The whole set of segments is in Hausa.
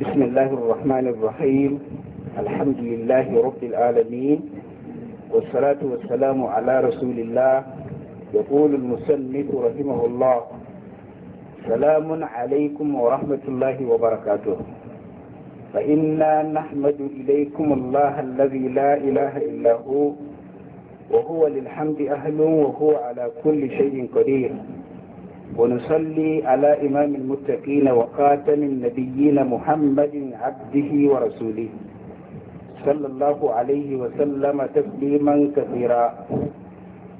بسم الله الرحمن الرحيم الحمد لله رب العالمين والصلاة والسلام على رسول الله يقول المسلم رحمه الله سلام عليكم ورحمة الله وبركاته فإنا نحمد إليكم الله الذي لا إله إلا هو وهو للحمد أهل وهو على كل شيء قدير ونصلي على إمام المتقين وخاتم النبيين محمد عبده ورسوله صلى الله عليه وسلم تسليما كثيرا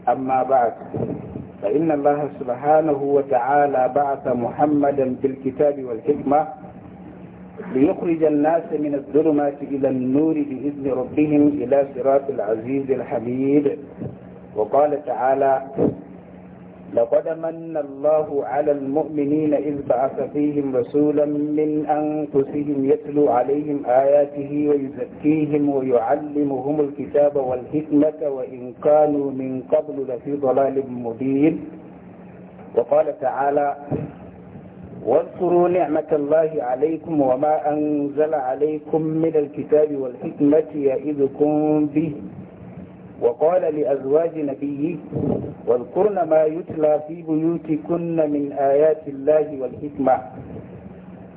أما بعد فإن الله سبحانه وتعالى بعث محمدا بالكتاب والحكمة ليخرج الناس من الظلمات إلى النور بإذن ربهم إلى صراط العزيز الحميد وقال تعالى لقد من الله على المؤمنين إذ بعث فيهم رسولا من أنفسهم يتلو عليهم آياته ويزكيهم ويعلمهم الكتاب والحكمة وإن كانوا من قبل لفي ضلال مبين وقال تعالى واذكروا نعمة الله عليكم وما أنزل عليكم من الكتاب والحكمة يئذكم به وقال لأزواج نبيه واذكرن ما يتلى في بيوتكن من آيات الله والحكمة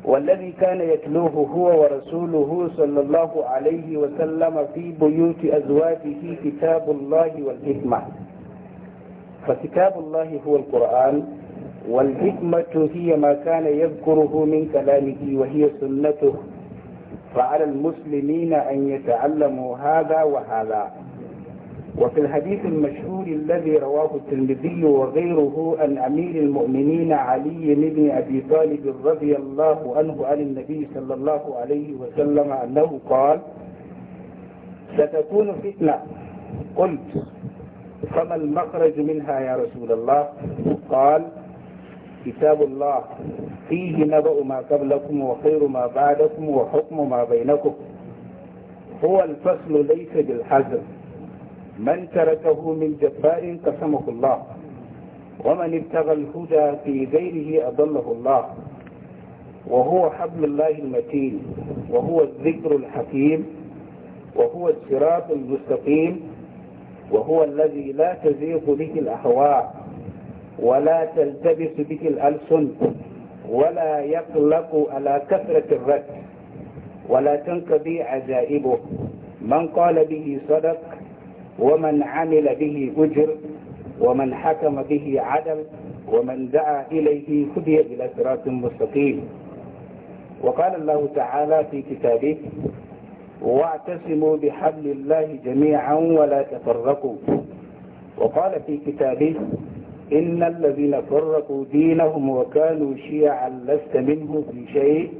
والذي كان يتلوه هو ورسوله صلى الله عليه وسلم في بيوت أزواجه كتاب الله والحكمة فكتاب الله هو القرآن والحكمة هي ما كان يذكره من كلامه وهي سنته فعلى المسلمين أن يتعلموا هذا وهذا وفي الحديث المشهور الذي رواه الترمذي وغيره عن أمير المؤمنين علي بن أبي طالب رضي الله عنه عن النبي صلى الله عليه وسلم أنه قال ستكون فتنة قلت فما المخرج منها يا رسول الله قال كتاب الله فيه نبأ ما قبلكم وخير ما بعدكم وحكم ما بينكم هو الفصل ليس بالحزم من تركه من جبار قسمه الله ومن ابتغى الهدى في غيره أضله الله وهو حبل الله المتين وهو الذكر الحكيم وهو الصراط المستقيم وهو الذي لا تزيغ به الأهواء ولا تلتبس به الألسن ولا يقلق على كثرة الرد ولا تنقضي عجائبه من قال به صدق ومن عمل به أجر ومن حكم به عدل ومن دعا إليه هدي إلى صراط مستقيم وقال الله تعالى في كتابه واعتصموا بحبل الله جميعا ولا تفرقوا وقال في كتابه إن الذين فرقوا دينهم وكانوا شيعا لست منه في شيء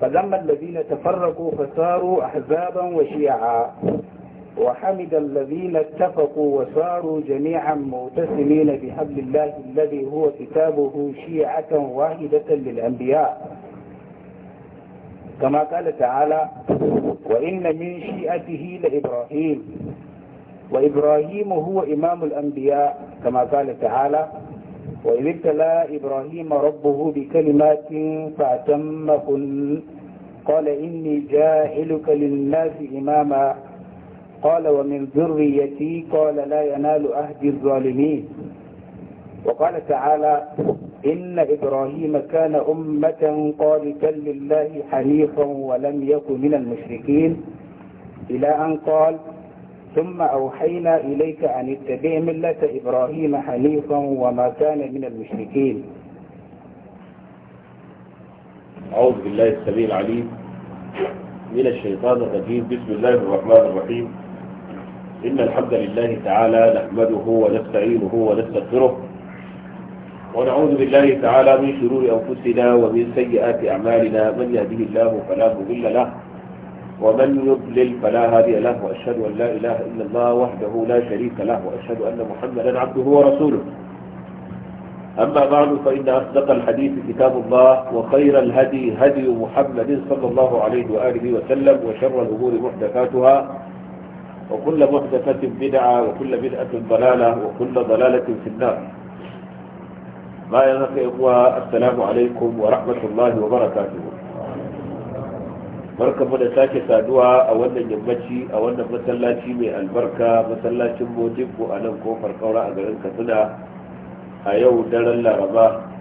فلما الذين تفرقوا فصاروا أحزابا وشيعا وحمد الذين اتفقوا وساروا جميعا متسمين بحبل الله الذي هو كتابه شيعة واحدة للأنبياء كما قال تعالى وإن من شيئته لإبراهيم وإبراهيم هو إمام الأنبياء كما قال تعالى وإذ ابتلى إبراهيم ربه بكلمات فأتمهن قال إني جاهلك للناس إماما قال ومن ذريتي قال لا ينال أهدي الظالمين وقال تعالى إن إبراهيم كان أمة قالتا لله حنيفا ولم يكن من المشركين إلى أن قال ثم أوحينا إليك أن اتبع ملة إبراهيم حنيفا وما كان من المشركين أعوذ بالله السميع العليم من الشيطان الرجيم بسم الله الرحمن الرحيم إن الحمد لله تعالى نحمده ونستعينه ونستغفره ونعوذ بالله تعالى من شرور أنفسنا ومن سيئات أعمالنا من يهده الله فلا مضل له ومن يضلل فلا هادي له وأشهد أن لا إله إلا الله وحده لا شريك له وأشهد أن محمدا عبده ورسوله أما بعد فإن أصدق الحديث كتاب الله وخير الهدي هدي محمد صلى الله عليه وآله وسلم وشر الأمور محدثاتها وكل محدثة بدعة وكل بدعة ضلالة وكل ضلالة في النار ما ينقى إخوة السلام عليكم ورحمة الله وبركاته barka mu da sake saduwa a wannan yammaci a wannan masallaci mai albarka masallacin mojibbo a nan kofar kaura a garin katsina a yau daren laraba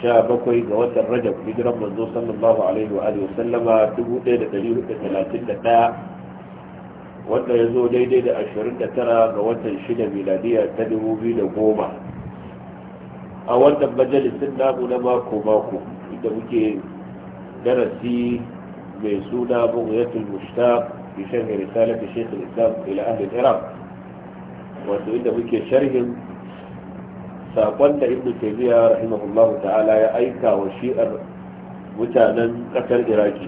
sha ga watan rajab hijiran manzo sallallahu alaihi wa alihi wa sallama 1431 wanda ya zo daidai da 29 ga watan 6 miladiya ta 2010 a wannan majalisun namu na mako-mako inda muke darasi mai suna bugayatul mushtaq fi sharhi risalati da al-islam ila ahli iran iraq wato inda muke sharhin sakon da ibnu taymiya rahimahullah ta'ala ya aika wa shi'ar mutanen kasar iraki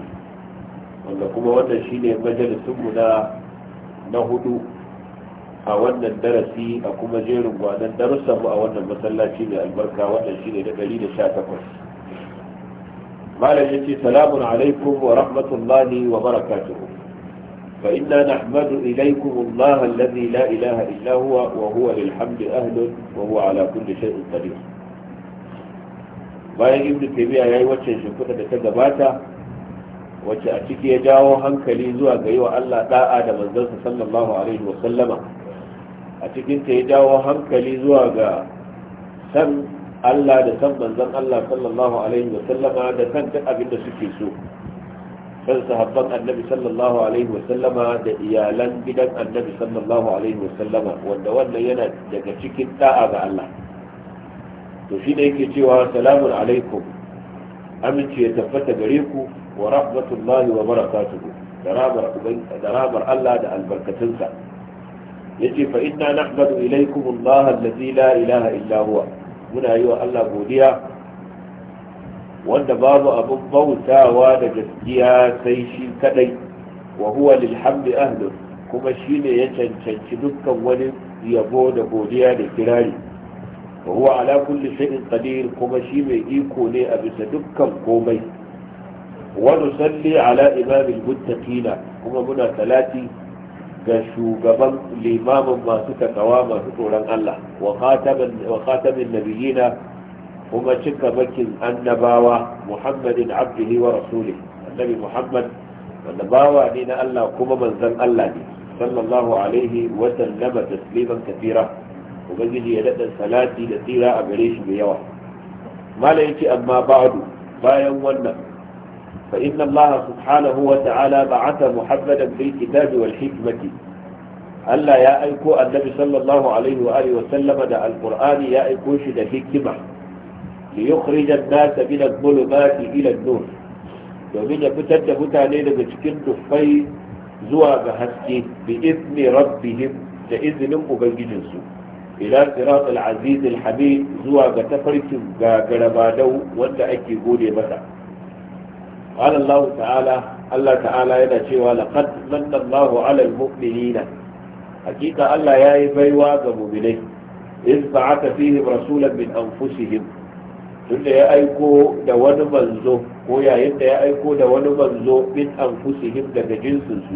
wanda kuma wannan shine majalisun mu na na hudu a wannan darasi a kuma jerin gwanon mu a wannan masallaci mai albarka wannan shi ne da 118 malam ya ce salamun alaikum wa rahmatullahi wa barakatuhu فإنا نحمد إليكم الله الذي لا إله إلا هو وهو للحمد wa huwa على كل شيء قدير bayan ibn tabi'a yayi waccan shimfiɗa da ta gabata wacce a ciki ya jawo hankali zuwa ga yi wa Allah da'a da manzansa sallallahu alaihi wasallama a cikinta ya jawo hankali zuwa ga san Allah da san manzan Allah sallallahu alaihi wasallama da san duk abin da suke so san sahabban annabi sallallahu alaihi wasallama da iyalan gidan annabi sallallahu alaihi wasallama wanda wannan yana daga cikin da'a ga Allah to shi ne yake cewa salamun alaikum aminci ya tabbata gare ku wa rahmatullahi wa barakatuhu da rabar Allah da albarkatunsa yace fa inna nahmadu ilaykum Allah allazi la ilaha illa huwa muna yi wa Allah godiya wanda babu abun bautawa da gaskiya sai shi kadai wa huwa lil ahlu kuma shine ya cancanci dukkan wani yabo da godiya da kirari wa huwa ala kulli shay'in qadir kuma shi mai iko ne a bisa dukkan komai ونصلي على إمام المتقين كما منا ثلاثي كشوغبا لإمام ما سكا قواما سطولا الله وخاتم, وخاتم النبيين هما شك مكن النباوة محمد عبده ورسوله النبي محمد النباوة لنا الله كما من ذن الله صلى الله عليه وسلم تسليما كثيرا وبجي يدد ثلاثي لثيرا أبريش بيوه ما لا يتي أما بعد بايا ونم فإن الله سبحانه وتعالى بعث محمدا بالكتاب والحكمة ألا يا أيكو النبي صلى الله عليه وآله وسلم دا القرآن يا أيكو شد حكمة ليخرج الناس من الظلمات إلى النور domin ya fitar da mutane daga cikin tuffai zuwa ga haske bi izni rabbihim da izinin ubangijinsu ila sirat al-aziz al zuwa ga tafarkin gagarabadau wanda ake gode masa قال الله تعالى الله تعالى يدا cewa laqad manna Allahu 'ala al-mu'minina hakika Allah yayi baiwa ga mu'minai in ba'atha fihim rasulan min anfusihim tunda ya aiko da wani manzo ko yayin da ya aiko da wani manzo min anfusihim daga jinsin su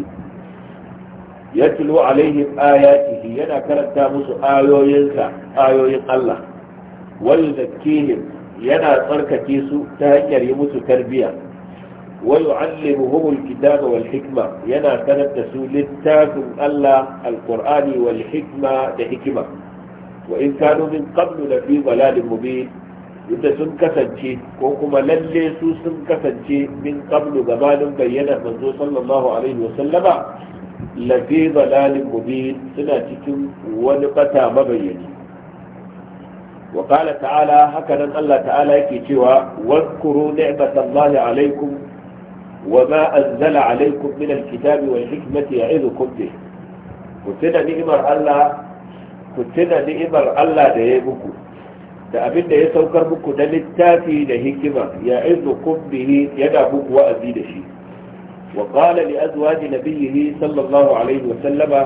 yatlu alaihim ayatihi yana karanta musu ayoyinsa ayoyin Allah wal zakkihim yana tsarkake su ta hanyar yi musu tarbiyya ويعلمهم الكتاب والحكمة ينا كانت تسول التاكم الله القرآن والحكمة لحكمة وإن كانوا من قبل لفي ضلال مبين inda sun kasance ko kuma lalle su sun kasance min qablu gabanin bayyana manzo sallallahu alaihi wasallama lafi dalalin mubin suna cikin wani bata mabayyani wa ta'ala haka nan Allah ta'ala yake cewa wadhkuru alaikum وما أنزل عليكم من الكتاب والحكمة يعظكم به كتنا نئمر الله كتنا نئمر الله ديبكو da abin da ya saukar muku na littafi da hikima ya izu bihi yana muku wa'azi da shi wa qala li azwaji nabiyhi sallallahu alaihi wa sallama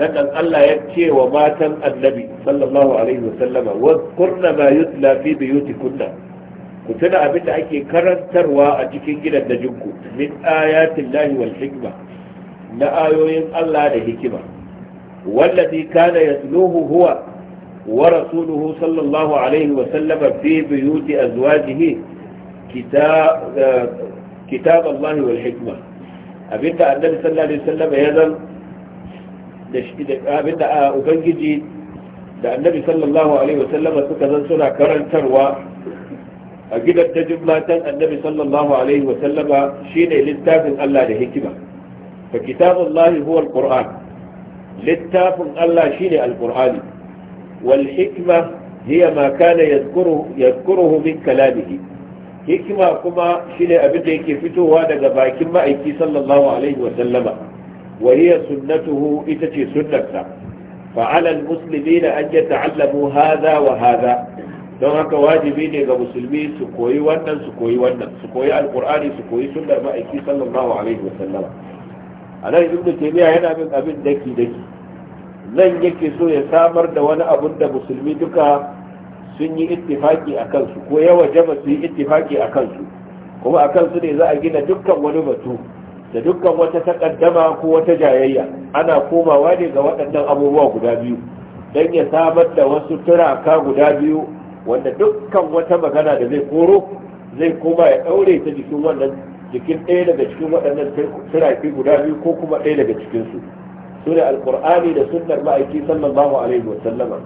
sannan Allah ya ce wa matan annabi sallallahu alaihi wa sallama wa kurna ma yutla fi kunna? ku tuna abin da ake karantarwa a cikin gidan da jinku min ayatin lahi wal hikma na ayoyin Allah da hikima wallazi kana yasluhu huwa wa rasuluhu sallallahu alaihi wa sallama fi buyuti azwajihi eh, kitab Allah wal hikma da annabi sallallahu alaihi wasallam ya zan da abin da abinda ah, ubangiji da annabi sallallahu alaihi wasallam suka zan suna karantarwa a gidan ta jumlatan annabi sallallahu alaihi wa sallama shine littafin Allah da hikima fa kitabullahi huwa alquran littafin Allah shine alqurani wal hikma hiya ma kana yadhkuruhu yadhkuruhu min kalamihi hikima kuma shine abin da yake fitowa daga bakin ma'aiki sallallahu alaihi wa sallama wa hiya sunnatuhu ita ce sunnarsa فعلى المسلمين أن يتعلموا هذا وهذا don haka wajibi ne ga musulmi su koyi wannan su koyi wannan su koyi alkur'ani su koyi sunnar ma'aiki sallallahu alaihi sallama. a nan ibnu taymiya yana bin abin daki daki nan yake so ya samar da wani abun da musulmi duka sun yi ittifaki a kansu ko yawa jama su yi ittifaki a kansu kuma a kansu ne za a gina dukkan wani batu da dukkan wata takaddama ko wata jayayya ana komawa ne ga waɗannan abubuwa guda biyu don ya samar da wasu turaka guda biyu wanda dukkan wata magana da zai koro zai koma ya daure ta jikin wannan jikin ɗaya daga cikin waɗannan sirafi guda biyu ko kuma ɗaya daga cikinsu su ne alkur'ani da sunnar ma'aiki sallallahu alaihi wa sallama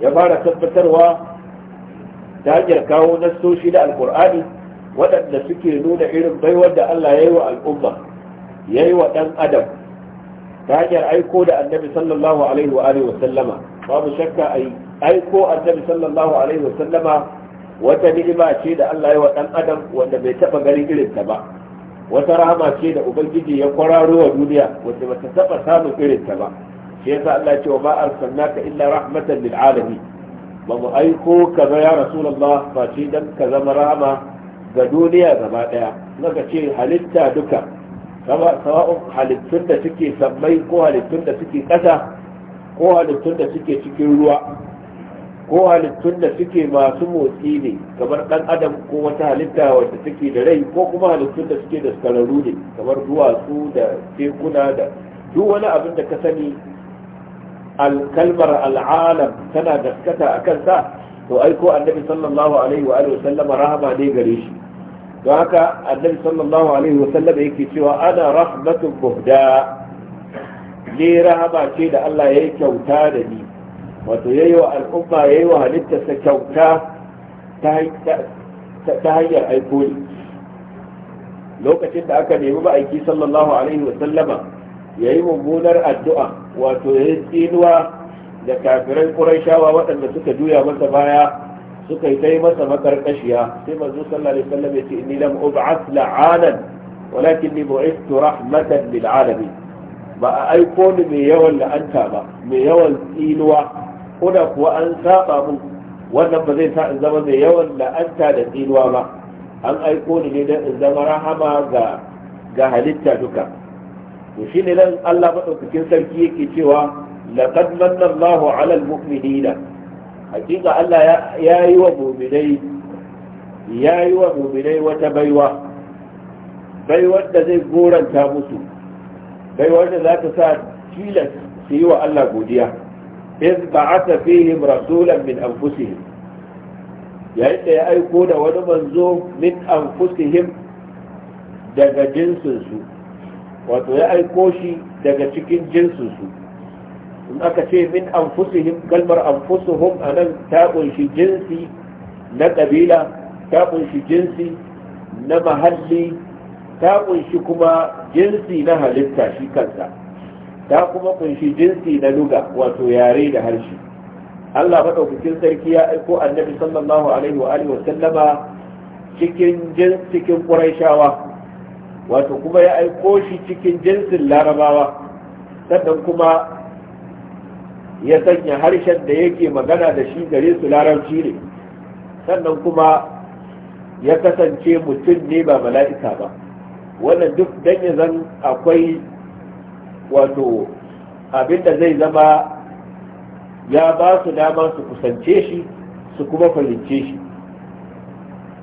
ya fara tabbatarwa ta hanyar kawo nassoshi da alkur'ani waɗanda suke nuna irin baiwar da Allah ya yi wa al'umma ya yi wa ɗan adam ta hanyar aiko da annabi sallallahu alaihi wa wa sallama babu shakka ai aiko annabi sallallahu alaihi wa sallama wata ni'ima ce da Allah ya wa dan adam wanda bai taba ganin irin ta ba wata rahama ce da ubangiji ya kwararo wa duniya wanda bata taba samun irin ta ba shi yasa Allah ya ce wa ba arsalnaka illa rahmatan lil alamin ba mu aiko ka ba ya rasulullah ba ce dan ka zama rahama ga duniya gaba daya naka ce halitta duka sawa'un halittun da suke sammai ko halittun da suke kasa ko halittun da suke cikin ruwa ko halittun da suke masu motsi ne kamar ɗan adam ko wata halitta wadda take da rai ko kuma halittun da suke da sararu ne kamar duwatsu da tekuna da duk wani abin da ka sani alkalmar al'alam tana gaskata a kansa to ko annabi sallallahu alaihi wa sallama rahama ne gare shi don haka annabi sallallahu alaihi wa sallama yake cewa ana rahmatun buhda ne rahama ce da Allah ya yi kyauta da ni wato ya yi wa al'umma ya yi wa halittarsa kyauta ta hanyar aiko ni lokacin da aka nemi ma'aiki sallallahu alaihi wa sallama ya yi mummunar addu'a wato ya yi tsinuwa da kafirai ƙurashawa waɗanda suka juya masa baya suka yi kai masa makarƙashiya sai manzo sallallahu alaihi wa sallam ya ce inni lam ub'ath la'anan walakin ni bu'ithtu rahmatan lil alamin ba a aiko ni mai yawan la'anta ba mai yawan tsinuwa ko da kuwa an saba mun wannan ba zai sa in zama mai yawan la'anta da tsinuwa ba an aiko ni ne don in zama rahama ga ga halitta duka to shine dan Allah madaukakin sarki yake cewa laqad manna Allahu 'ala al-mu'minina hakika Allah ya yi wa mu'minai ya yi wa mu'minai wata baiwa baiwar da zai goranta musu baiwar wanda za ta sa tilas su yi wa Allah godiya ba iz ba'atha fihim rasulan min an anfusihim yayin da ya aiko da wani manzo min an anfusihim daga jinsinsu wato ya aiko shi daga cikin jinsinsu in aka ce min an anfusihim kalmar a nan ta kunshi jinsi na ƙabila ta kunshi jinsi na mahalli ta kunshi kuma jinsi na halitta shi kansa ta kuma kunshi jinsi na luga wato yare da harshe Allah madaukakin sarki ya aiko annabi sallallahu alaihi wa alihi wa cikin cikin Qurayshawa wato kuma ya aiko shi cikin jinsin Larabawa sannan kuma ya sanya harshen da yake magana da shi gare su larabci ne sannan kuma ya kasance mutum ne ba mala'ika ba wannan duk dan akwai wato abin da zai zama ya ba su dama su kusance shi su kuma fahimce shi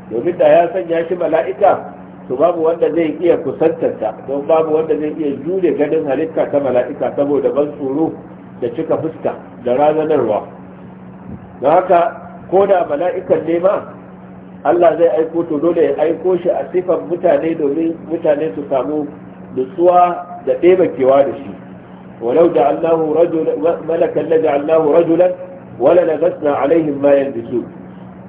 domin da ya sanya shi mala'ika su babu wanda zai iya kusantarta don babu wanda zai iya jure ganin halitta ta mala'ika saboda ban tsoro da cika fuska da razanarwa don haka ko da mala'ikan nema Allah zai aiko to dole ya aiko shi a sifar mutane domin mutane su samu nutsuwa da kewa da shi walau da Allahu malakan laja ja'alnahu rajulan wala lagasna alaihim ma yanzu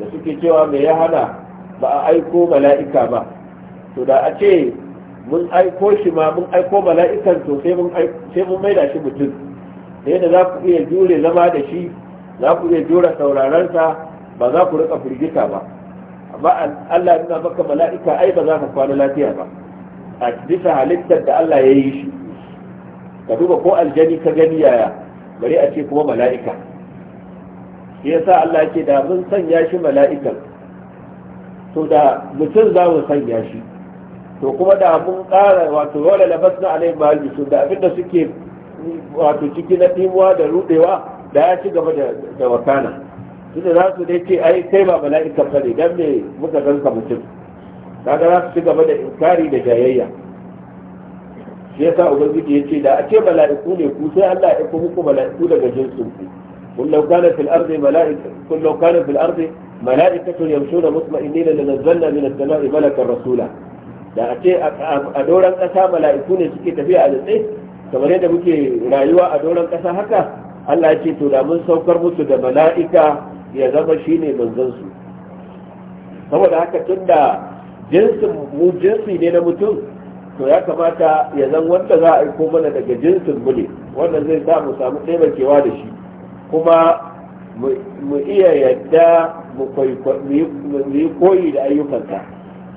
da suke cewa me ya hana ba a aiko mala'ika ba to da a ce mun aiko shi ma mun aiko mala'ikan to sai mun sai mun maida shi mutum sai da za ku iya jure zama da shi za ku iya jure sauraron sa ba za ku rika firgita ba amma Allah nuna maka mala'ika ai ba za ka kwana lafiya ba a bisa halittar da Allah ya yi shi ka duba ko aljani ka gani yaya bari a ce kuma mala'ika shi yasa Allah ke da mun sanya shi mala'ikan to da mutum za mu sanya shi to kuma da mun ƙara wato wala labas na alai ma to da abinda suke wato ciki na ɗimuwa da rudewa da ya ci gaba da wakana tunda za su dai ce ai kai ba mala'ika ba ne dan me muka ganka mutum kaga za su ci gaba da inkari da jayayya shi yasa ubangiji ya ce da a ce mala'iku ne ku sai Allah ya ku muku mala'iku daga jinsin ku kun lau kana fil ardi mala'ika kun lau kana fil ardi mala'ikatun yamshuna mutma'innina lanazzalna min as-sama'i malakan rasula da a ce a doron ƙasa mala'iku ne suke tafiya a dutse kamar yadda muke rayuwa a doron ƙasa haka Allah ya ce to da mun saukar musu da mala'ika ya zama shine ne su saboda haka tunda jinsin mu jinsi ne na mutum to ya kamata ya zan wanda za a aiko mana daga jinsin mu ne wannan zai sa mu samu taimakewa da shi kuma mu iya yadda mu yi koyi da ayyukansa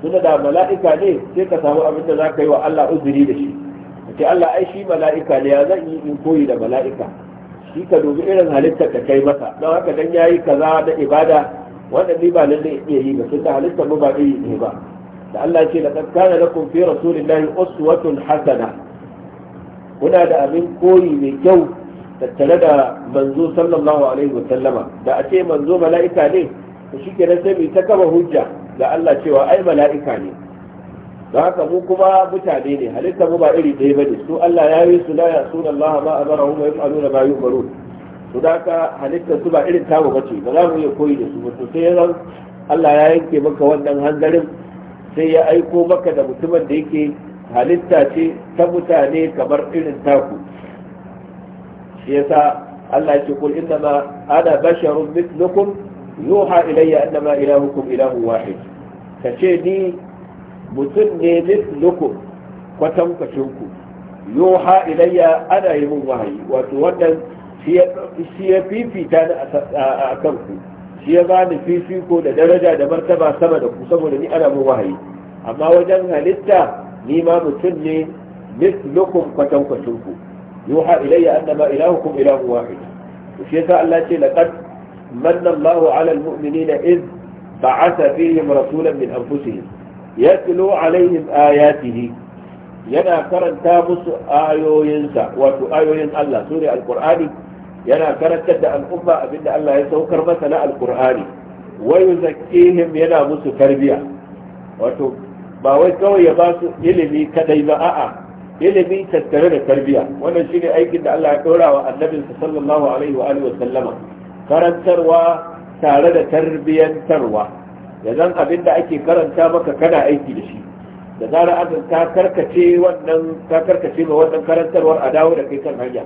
suna da mala'ika ne sai ka samu abin da za ka yi wa Allah uzuri da shi ce Allah ai shi mala'ika ne ya zan yi in koyi da mala'ika shi ka dubi irin halittar da kai masa don haka dan yayi kaza da ibada wanda ni ba lalle iya yi ba sai ta halitta mu ba iri ne ba da Allah ce da kana lakum fi rasulillahi uswatun hasana kuna da abin koyi mai kyau tattare da manzo sallallahu alaihi wa sallama da a ce manzo mala'ika ne to shikenan sai mu ta kama hujja ga Allah cewa ai mala'ika ne don haka mu kuma mutane ne halitta mu ba iri ɗaya bane su Allah ya yi su la ya suna Allah ma amarahu wa yaf'aluna ma yu'marun to da ka halitta su ba irin tamu bace ba za mu iya koyi da su ba sai ran Allah ya yanke maka wannan hanzarin sai ya aiko maka da mutumin da yake halitta ce ta mutane kamar irin taku shi yasa Allah ya ce kul inna ma ana basharun mithlukum yuha ilayya annama ilahukum ilahu wahid ce ni mutum ne mislukum kwatankwacin ku yoha ilayya ana yi min wahayi wato wannan shi ya fifita ni a kan ku shi ya bani fifiko da daraja da martaba sama da ku saboda ni ana min wahayi amma wajen halitta ni ma mutum ne mislukum kwatankwacin ku yoha ilayya annama ilahukum ilahu wahid shi yasa Allah ce laqad manna Allahu ala almu'minina iz ba'atha fihim rasulan min anfusihim yatlu alaihim ayatihi yana karanta musu ayoyinsa wato ayoyin Allah su ne alkur'ani yana karantar da al'umma abinda Allah ya saukar masa na alkur'ani wai zakkihim yana musu tarbiya wato ba wai kawai ya ba su ilimi kadai ba a'a ilimi tattare da tarbiya wannan shine aikin da Allah ya dora wa annabinsa sallallahu alaihi wa alihi wa sallama karantarwa tare da tarbiyantarwa da zan abin da ake karanta maka kana aiki da shi da zara aka ta karkace wannan ta karkace ma wannan karantarwar a dawo da kai kan hanya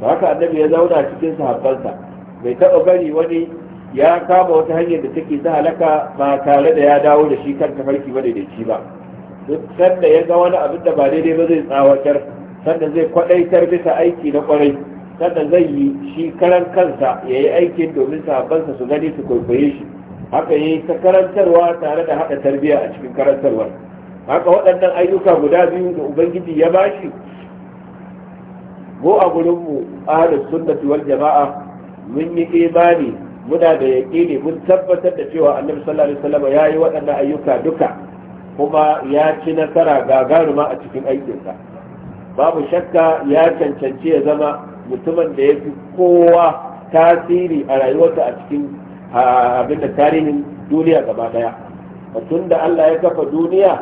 to haka annabi ya zauna cikin sahabbansa bai taɓa bari wani ya kama wata hanyar da take ta halaka ba tare da ya dawo da shi kan tafarki ba shi ba duk sanda ya ga wani abin da ba daidai ba zai tsawatar sannan zai kwadaitar bisa aiki na kwarai sannan zai yi shi karan kansa ya yi aikin domin sahabbansa su gani su kwaikwaye shi haka yi ta karantarwa tare da haɗa tarbiyya a cikin karantarwar haka waɗannan ayyuka guda biyu da ubangiji ya bashi ko a gurinmu ahalin sunnati wal jama'a mun yi imani muna da ne mun tabbatar da cewa annabi sallallahu alaihi wasallam ya yi waɗannan ayyuka duka kuma ya ci nasara gagaruma a cikin aikinsa babu shakka ya cancanci ya zama mutumin da ya fi kowa tasiri a rayuwarsa a cikin abin da tarihin duniya gaba daya tun da Allah ya kafa duniya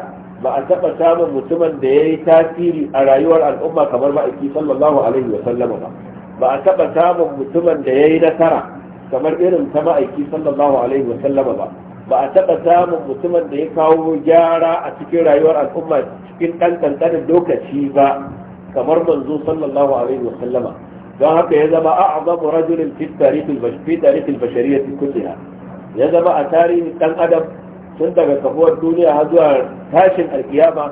ba a taɓa samun mutumin da ya yi tasiri a rayuwar al'umma kamar ma'aiki sallallahu alaihi wa sallama ba ba a taɓa samun mutumin da ya yi nasara kamar irin ta ma'aiki sallallahu alaihi wa sallama ba ba a taɓa samun mutumin da ya kawo gyara a cikin rayuwar al'umma cikin ɗan ƙanƙanin lokaci ba kamar manzo sallallahu alaihi wa sallama don haka ya zama a'zamu rajulin fi tarihil fi tarihil ya zama a tarihin dan adam tun daga kafuwar duniya har zuwa tashin alkiyama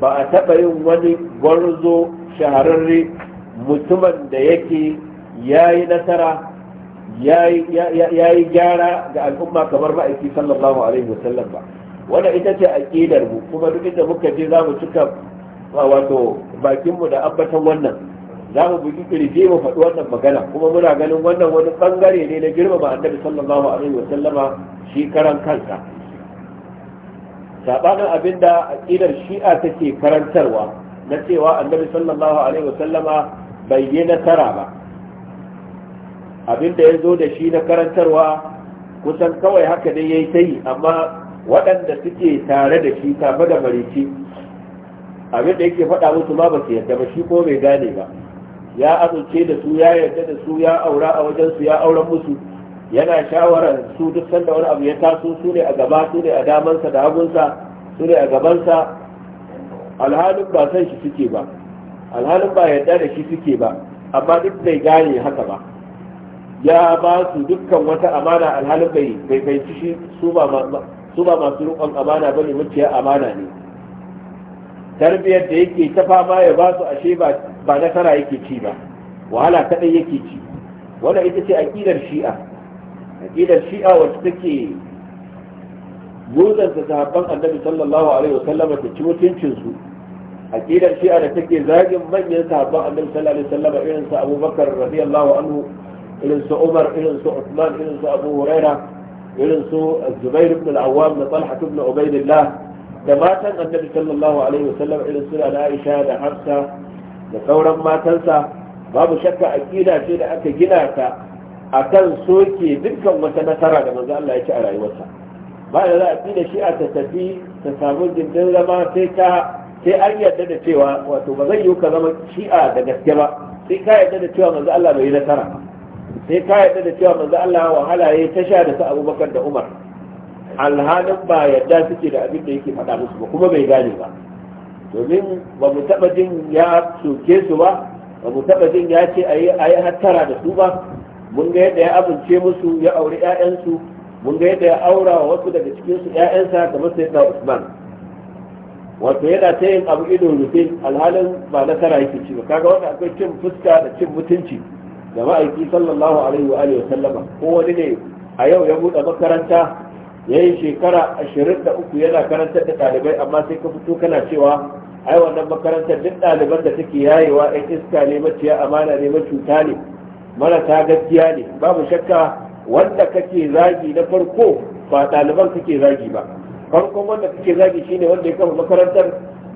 ba a taɓa yin wani gwarzo shahararre mutumin da yake ya yi nasara ya yi gyara ga al'umma kamar ma'aiki sallallahu alaihi wasallam ba wanda ita ce akidar mu kuma duk inda muka je za mu cika wato bakinmu da ambatan wannan za mu buki kirje mu faɗi wannan magana kuma muna ganin wannan wani ɓangare ne na girmama annabi sallallahu alaihi wa sallama shi karan kansa sabanin da aqidar shi'a take karantarwa na cewa annabi sallallahu alaihi wa sallama bai yi nasara ba da ya zo da shi na karantarwa kusan kawai haka ne yayi sai amma waɗanda suke tare da shi tafi da marici abinda yake faɗa musu ma ba su yarda ba shi ko bai gane ba ya amince da su ya yarda da su ya aura a wajen su ya auren musu yana shawarar su duk sanda wani abu ya taso su ne a gaba su ne a damansa da hagunsa su ne a gabansa alhalin ba san shi suke ba alhalin ba yarda da shi suke ba amma duk bai gane haka ba ya ba su dukkan wata amana alhalin bai bai fahimci shi su ba masu rukon amana bane mutiya amana ne tarbiyar da yake ta fama ya ba su ashe ba nasara yake ci ba wahala kadai yake ci wannan ita ce aqidar shi'a aqidar shi'a wacce take gozanta sahabban annabi sallallahu alaihi wasallam ta ci mutuncin su aqidar shi'a da take zagin manyan sahabban annabi sallallahu alaihi wasallam irin su Abubakar radiyallahu anhu irin su Umar irin su Uthman irin su Abu Huraira irin su Zubair ibn al-Awwam da Talha ibn da matan annabi sallallahu alaihi wasallam irin suna na aisha da hafsa da sauran matansa babu shakka aqida ce da aka gina ta akan soke dukkan wata nasara da manzo Allah ya ci a rayuwarsa ba da za a tsina shi a ta tafi ta samu gindin zama sai ta sai an yarda da cewa wato ba zai yi ka zama shi'a da gaske ba sai ka yarda da cewa manzo Allah bai yi nasara sai ka yarda da cewa manzo Allah wahala yayi tasha da su Abubakar da Umar alhalin ba yadda suke da abin da yake faɗa musu ba kuma bai gane ba domin ba mu taɓa jin ya soke su ba ba mu taɓa jin ya ce a yi hattara da su ba mun ga yadda ya amince musu ya auri 'ya'yansu mun ga yadda ya aura wa wasu daga cikinsu 'ya'yansa ga masu yadda usman wato yana ta yin abu ido rufe alhalin ba nasara yake ci ba kaga wanda akwai cin fuska da cin mutunci da ma'aiki sallallahu alaihi wa sallama ko wani ne a yau ya buɗe makaranta ya yi shekara ashirin da uku yana karantar da ɗalibai amma sai ka fito kana cewa ai wannan makarantar duk ɗaliban da take yayewa ɗan iska ne maciya amana ne macuta ne marasa gaskiya ne babu shakka wanda kake zagi na farko ba ɗaliban kake zagi ba farkon wanda kake zagi shine wanda ya kama makarantar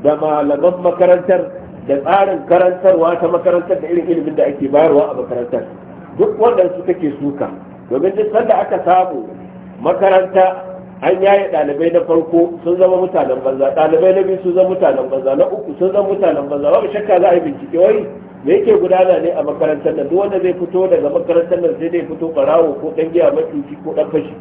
da malaman makarantar da tsarin karantarwa ta makarantar da irin ilimin da ake bayarwa a makarantar duk wannan su kake suka domin duk sanda aka samu makaranta an yaye ɗalibai na farko sun zama mutanen banza ɗalibai na biyu sun zama mutanen banza na uku sun zama mutanen banza babu shakka za a yi bincike wai me yake gudana ne a makarantar nan duk wanda zai fito daga makarantar nan sai dai fito barawo ko dan giya macuci ko dan fashi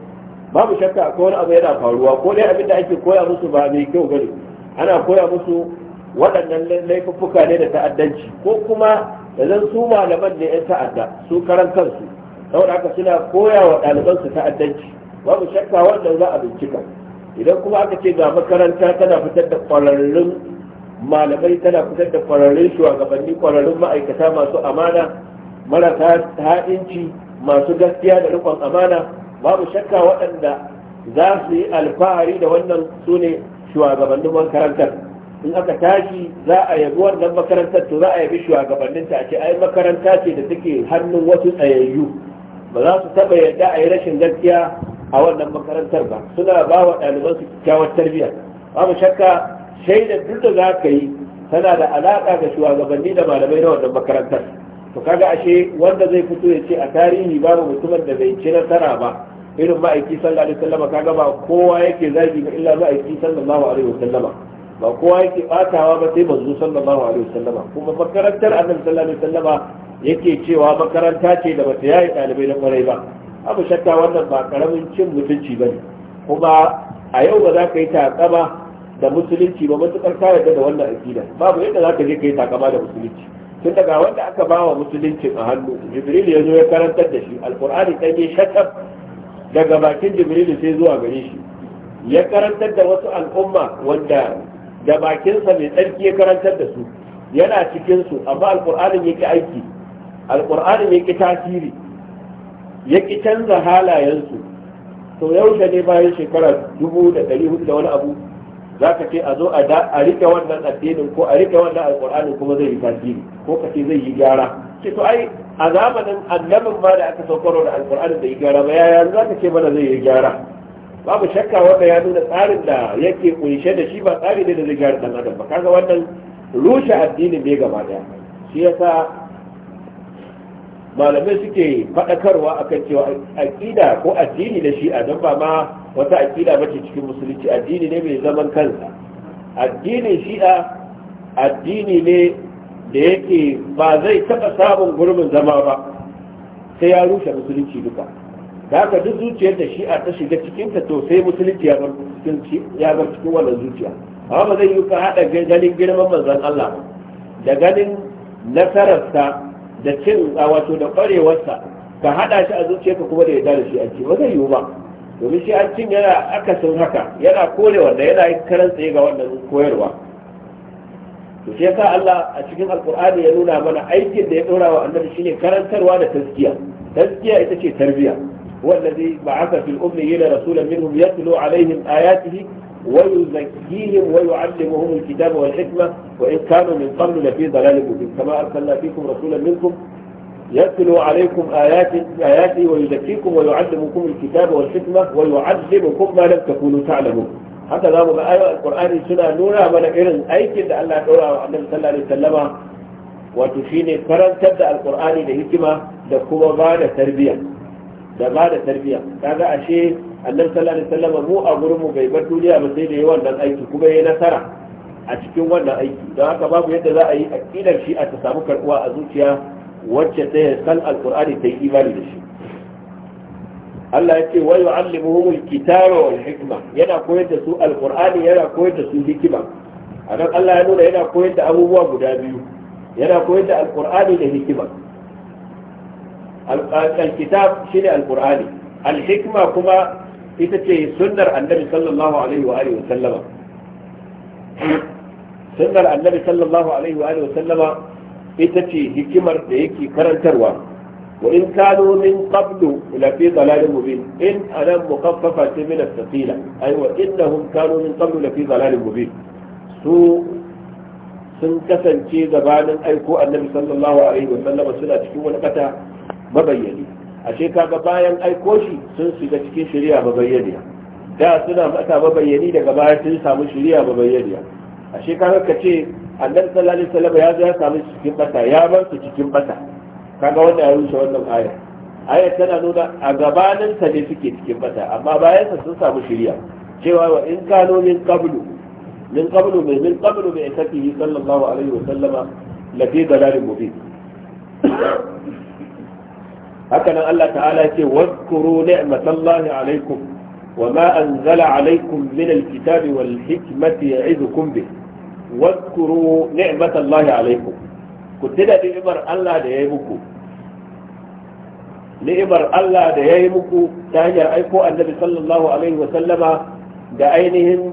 babu shakka akwai wani abu yana faruwa ko dai abin da ake koya musu ba mai kyau gani ana koya musu waɗannan laifuffuka ne da ta'addanci ko kuma da zan su malaman ne 'yan ta'adda su karan kansu saboda haka suna koya wa ɗalibansu ta'addanci babu shakka wannan za a bincika idan kuma aka ce ga makaranta tana fitar da kwararrun malamai tana fitar da kwararrun shugabanni kwararrun ma'aikata masu amana marasa haɗinci masu gaskiya da rikon amana babu shakka waɗanda za su yi alfahari da wannan su ne shugabannin makarantar in aka tashi za a yabi wannan makarantar to za a yabi ta a ce ai makaranta ce da take hannun wasu tsayayyu ba za su taɓa yadda a yi rashin gaskiya a wannan makarantar ba suna ba wa ɗalibansu kyakkyawar tarbiyya babu shakka shaidar duk da za ka yi tana da alaƙa ga shugabanni da malamai na wannan makarantar to kaga ashe wanda zai fito ya ce a tarihi babu mutumin da bai ci nasara ba irin ma'aiki sallallahu alaihi wasallam kaga ba kowa yake zagi ga illa ma'aiki sallallahu alaihi sallama ba kowa yake batawa ba sai manzo sallallahu alaihi sallama kuma makarantar annabi sallallahu alaihi wasallam yake cewa makaranta ce da bata yayi ɗalibai na kwarai ba abu shakka wannan ba karamin cin mutunci ba ne kuma a yau ba za ka yi takama da musulunci ba matuƙar ka yarda da wannan aƙida babu yadda za ka je ka yi takama da musulunci tun daga wanda aka ba wa musuluncin a hannu jibril ya zo ya karantar da shi Alƙur'ani ɗan ya shakar daga bakin jibril sai zuwa gare shi ya karantar da wasu al'umma wanda da bakinsa mai tsarki ya karantar da su yana cikinsu amma ya yake aiki alkur'anin yake tasiri ya ki canza halayensu to yaushe ne bayan shekara dubu da ɗari hudu da wani abu za ka ce a zo a rike wannan addinin ko a rike wannan alƙur'anin kuma zai yi tasiri ko ka ce zai yi gyara ce to ai a zamanin annabin ma da aka saukarwa da alƙur'anin da yi gyara ba yaya za ka ce mana zai yi gyara babu shakka wanda ya nuna tsarin da yake kunshe da shi ba tsari ne da zai gyara dan adam ba kaga wannan rushe addinin ne gaba daya shi yasa malamai suke faɗakarwa kan cewa aƙida ko addini da shi'a don ba ma wata aƙida mace cikin musulunci addini ne mai zaman kansa addinin shi'a addini ne da yake ba zai taɓa samun gurbin zama ba sai ya rushe musulunci duka da haka duk zuciyar da shi'a ta shiga cikinta to sai musulunci ya bar cikin wannan zuciya amma ba zai yi ka haɗa ganin girman manzon Allah da ganin nasararsa da cin wato da ƙwarewarsa. ka haɗa shi a zuciyarka kuma da yarda da shi an ba zai yiwu ba domin shi an cin yana akasin haka yana kore wanda yana yi karan tsaye ga wannan koyarwa to shi yasa Allah a cikin alkur'ani ya nuna mana aikin da ya ɗora wa annabi shine karantarwa da taskiya? Taskiya ita ce tarbiya wallazi ba'atha fil ummiyina rasulan minhum yatlu alaihim ayatihi ويزكيهم ويعلمهم الكتاب والحكمة وإن كانوا من قبل لفي ضلال مبين كما أرسلنا فيكم رسولا منكم يتلو عليكم آياتي ويزكيكم ويعلمكم الكتاب والحكمة ويعلمكم ما لم تكونوا تعلمون حتى ذهبوا بآية القرآن سنة نورا من إذن أي كد أن لا تقول عن صلى الله عليه وسلم وتشيني فرن تبدأ القرآن لهكمة لكم غالة تربية da ba da tarbiya kaga ashe annabi sallallahu alaihi wasallam mu a gurin mu bai bar duniya ba sai da yawan dan aiki kuma yayi nasara a cikin wannan aiki don haka babu yadda za a yi aqidar shi a ta samu karbuwa a zuciya wacce ta yi san Alƙur'ani ta yi imani da shi Allah ya ce wa yu'allimuhum alkitaba wal hikma yana koyar da su alqur'ani yana koyar da su hikima A anan Allah ya nuna yana koyar da abubuwa guda biyu yana koyar da alqur'ani da hikima alkitab shine Alƙur'ani alhikma kuma ita ce sunnar annabi sallallahu alaihi wa alihi sunnar annabi sallallahu alaihi wa alihi ita ce hikimar da yake karantarwa wa in kanu min qablu la fi dalalin mubin in anan mukaffafa ce min as-saqila ay wa innahum kanu min qablu la fi dalalin mubin su sun kasance gabanin aiko annabi sallallahu alaihi suna cikin wani kata mabayyani ashe kaga bayan aiko shi sun shiga cikin shari'a mabayyani da suna mata mabayyani daga baya sun samu shari'a mabayyani ashe kaga ka ce annabi sallallahu alaihi wasallam ya zo ya samu cikin bata ya bar su cikin bata kaga wanda ya rushe wannan aya aya tana nuna a gabanin sa ne suke cikin bata amma bayan sa sun samu shari'a cewa wa in kano min qablu min qablu min qablu bi isatihi sallallahu alaihi wasallama lafi dalalin mubin hakanan Allah ta'ala ce wazkuru ni'matallahi alaikum wa ma anzala alaikum min alkitabi wal hikmati ya'idukum bih wazkuru ni'matallahi alaikum ku tuna ni'imar Allah da yayi muku ni'imar Allah da yayi muku ta hanyar aiko annabi sallallahu alaihi wa sallama da ainihin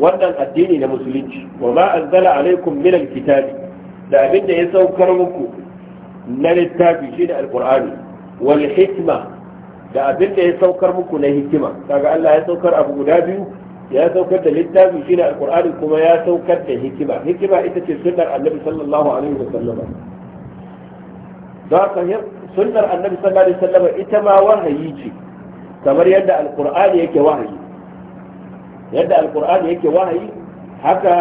wannan addini na musulunci wa ma anzala alaikum min alkitabi da abin da ya saukar muku na littafi shi da alqur'ani wal hikma da abin da ya saukar muku na hikima kaga Allah ya saukar abu guda biyu ya saukar da littafi shine alqur'ani kuma ya saukar da hikima hikima ita ce sunnar annabi sallallahu alaihi wasallam da ka sunnar annabi sallallahu alaihi wasallam ita ma wahayi ce kamar yadda alqur'ani yake wahayi yadda alqur'ani yake wahayi haka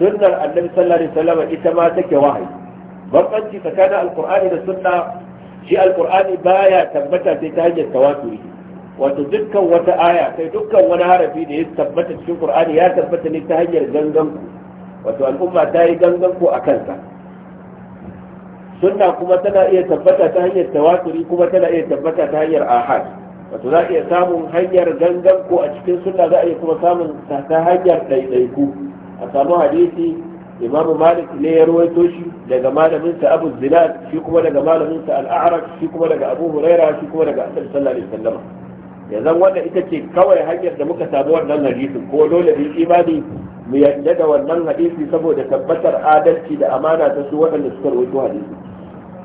sunnar annabi sallallahu alaihi wasallam ita ma take wahayi bambanci tsakanin alqur'ani da sunna shi alqur'ani baya tabbata sai ta hanyar tawaturi wato dukkan wata aya sai dukkan wani harafi da ya tabbata cikin qur'ani ya tabbata ne ta hanyar gangan ku wato al'umma ta yi gangan ku a kansa sunna kuma tana iya tabbata ta hanyar tawaturi kuma tana iya tabbata ta hanyar ahad wato za a iya samun hanyar gangan a cikin sunna za a iya kuma samun ta hanyar ɗaiɗaiku a samu hadisi imam malik ne ya ruwaito shi daga malaminsa abu zinad shi kuma daga malaminsa sa al-a'raq shi kuma daga abu huraira shi kuma daga annabi sallallahu alaihi wasallam yanzu wanda ita ce kawai hanyar da muka samu wannan hadisin ko dole bi imani mu yadda da wannan hadisi saboda tabbatar adalci da amana ta su waɗanda suka rubuto hadisi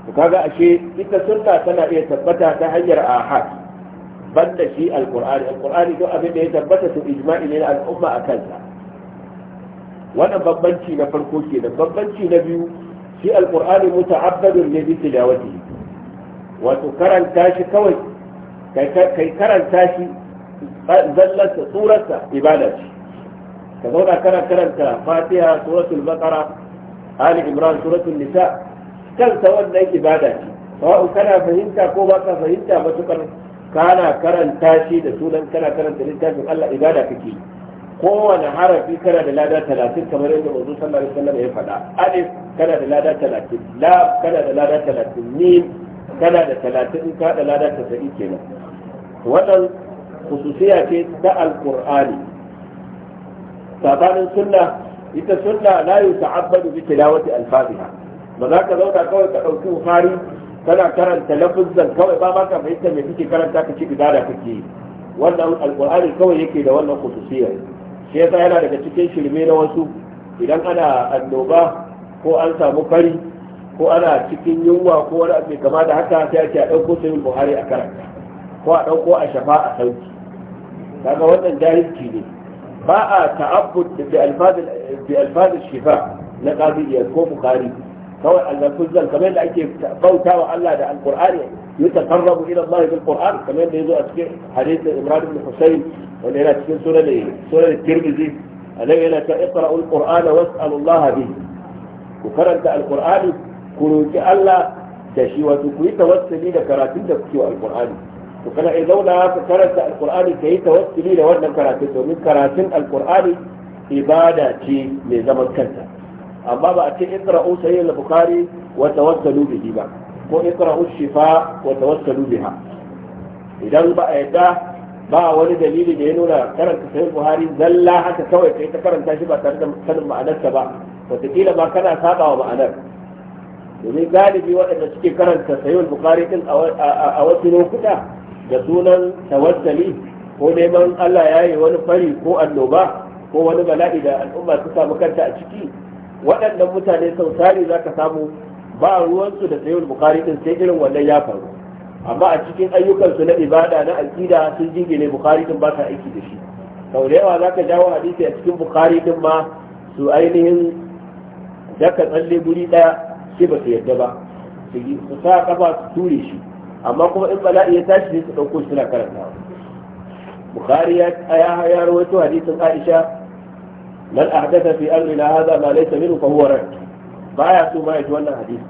to kaga ashe ita sunna tana iya tabbata ta hanyar ahad banda shi alqur'ani alqur'ani duk abin da ya tabbata to ijma'i ne na al'umma akan sa wannan bambanci na farko ke da bambanci na biyu shi alqur'ani muta'abbadun ne bi tilawatihi wato karanta shi kawai kai karanta shi zallarsa surarsa ibada ce ka zauna kana karanta fatiha suratul baqara ali imran suratul nisa kansa wannan ibada ce sawa'u kana fahimta ko ba ka fahimta ba su kana karanta shi da sunan kana karanta littafin Allah ibada kake yi kowane harafi kana da lada talatin kamar yadda mazu sallallahu alaihi ya faɗa alif kana da lada talatin la kana da lada talatin mim kana da talatin in ka da lada tasa'in kenan wannan khususiya ce ta alqur'ani sabanin sunna ita sunna la yuta'abbadu bi tilawati alfaziha ba za ka zauna kawai ka ɗauki bukhari kana karanta lafuzzan kawai ba ma ka fahimta me kake karanta ka ci da kake yi wannan alqur'ani kawai yake da wannan khususiyar shi yasa yana daga cikin shirme na wasu idan ana annoba ko an samu fari ko ana cikin yunwa ko wani abu kama da haka sai ake a ɗauko sahih buhari a karanta ko a ɗauko a shafa a sauki daga wannan jahilci ne ba a ta'abbud da bi shifa na qadiyya ko buhari kawai Allah al-kuzan kamar yadda ake bauta wa Allah da al-Qur'ani yutaqarrabu ila Allah bil Qur'an kamar da yazo a cikin hadisin Imran ibn Husayn wanda yana cikin sunan sunan Tirmidhi alai yana ta iqra'u al-Qur'ana was'alu Allah bihi ku karanta al-Qur'ani ku roki Allah da shi wato ku yi tawassuli da karatun da kuke wa al-Qur'ani to kana ai zauna ka karanta al-Qur'ani ka yi tawassuli da wannan karatun domin karatun al-Qur'ani ibada ce mai zaman kanta amma ba a ce iqra'u sahih al-bukhari wa tawassalu bihi ba ko iqra'u shifa wa tawassalu biha idan ba a yadda ba wani dalili da ya nuna karanta sahih buhari zalla haka kawai kai ta karanta shi ba tare da sanin ma'anarsa ba wataƙila ma kana saba wa ma'anar domin galibi waɗanda suke karanta sahih buhari din a wasu lokuta da sunan tawassali ko neman Allah ya yi wani fari ko annoba ko wani bala'i da al'umma su samu kanta a ciki waɗannan mutane sau tari za ka samu ba ruwansu da sayi bukari din sai irin wannan ya faru amma a cikin ayyukansu na ibada na aƙida sun jingine bukari din ba ta aiki da shi sau da yawa za ka jawo hadisi a cikin bukari din ma su ainihin daga tsalle guri ɗaya sai ba su yarda ba su sa kafa su ture shi amma kuma in bala'i ya tashi ne su ɗauko shi suna karantawa bukari ya ya rawaito hadisin aisha man ahdatha fi amrina hadha ma laysa minhu fa huwa baya so ma yaji wannan hadisi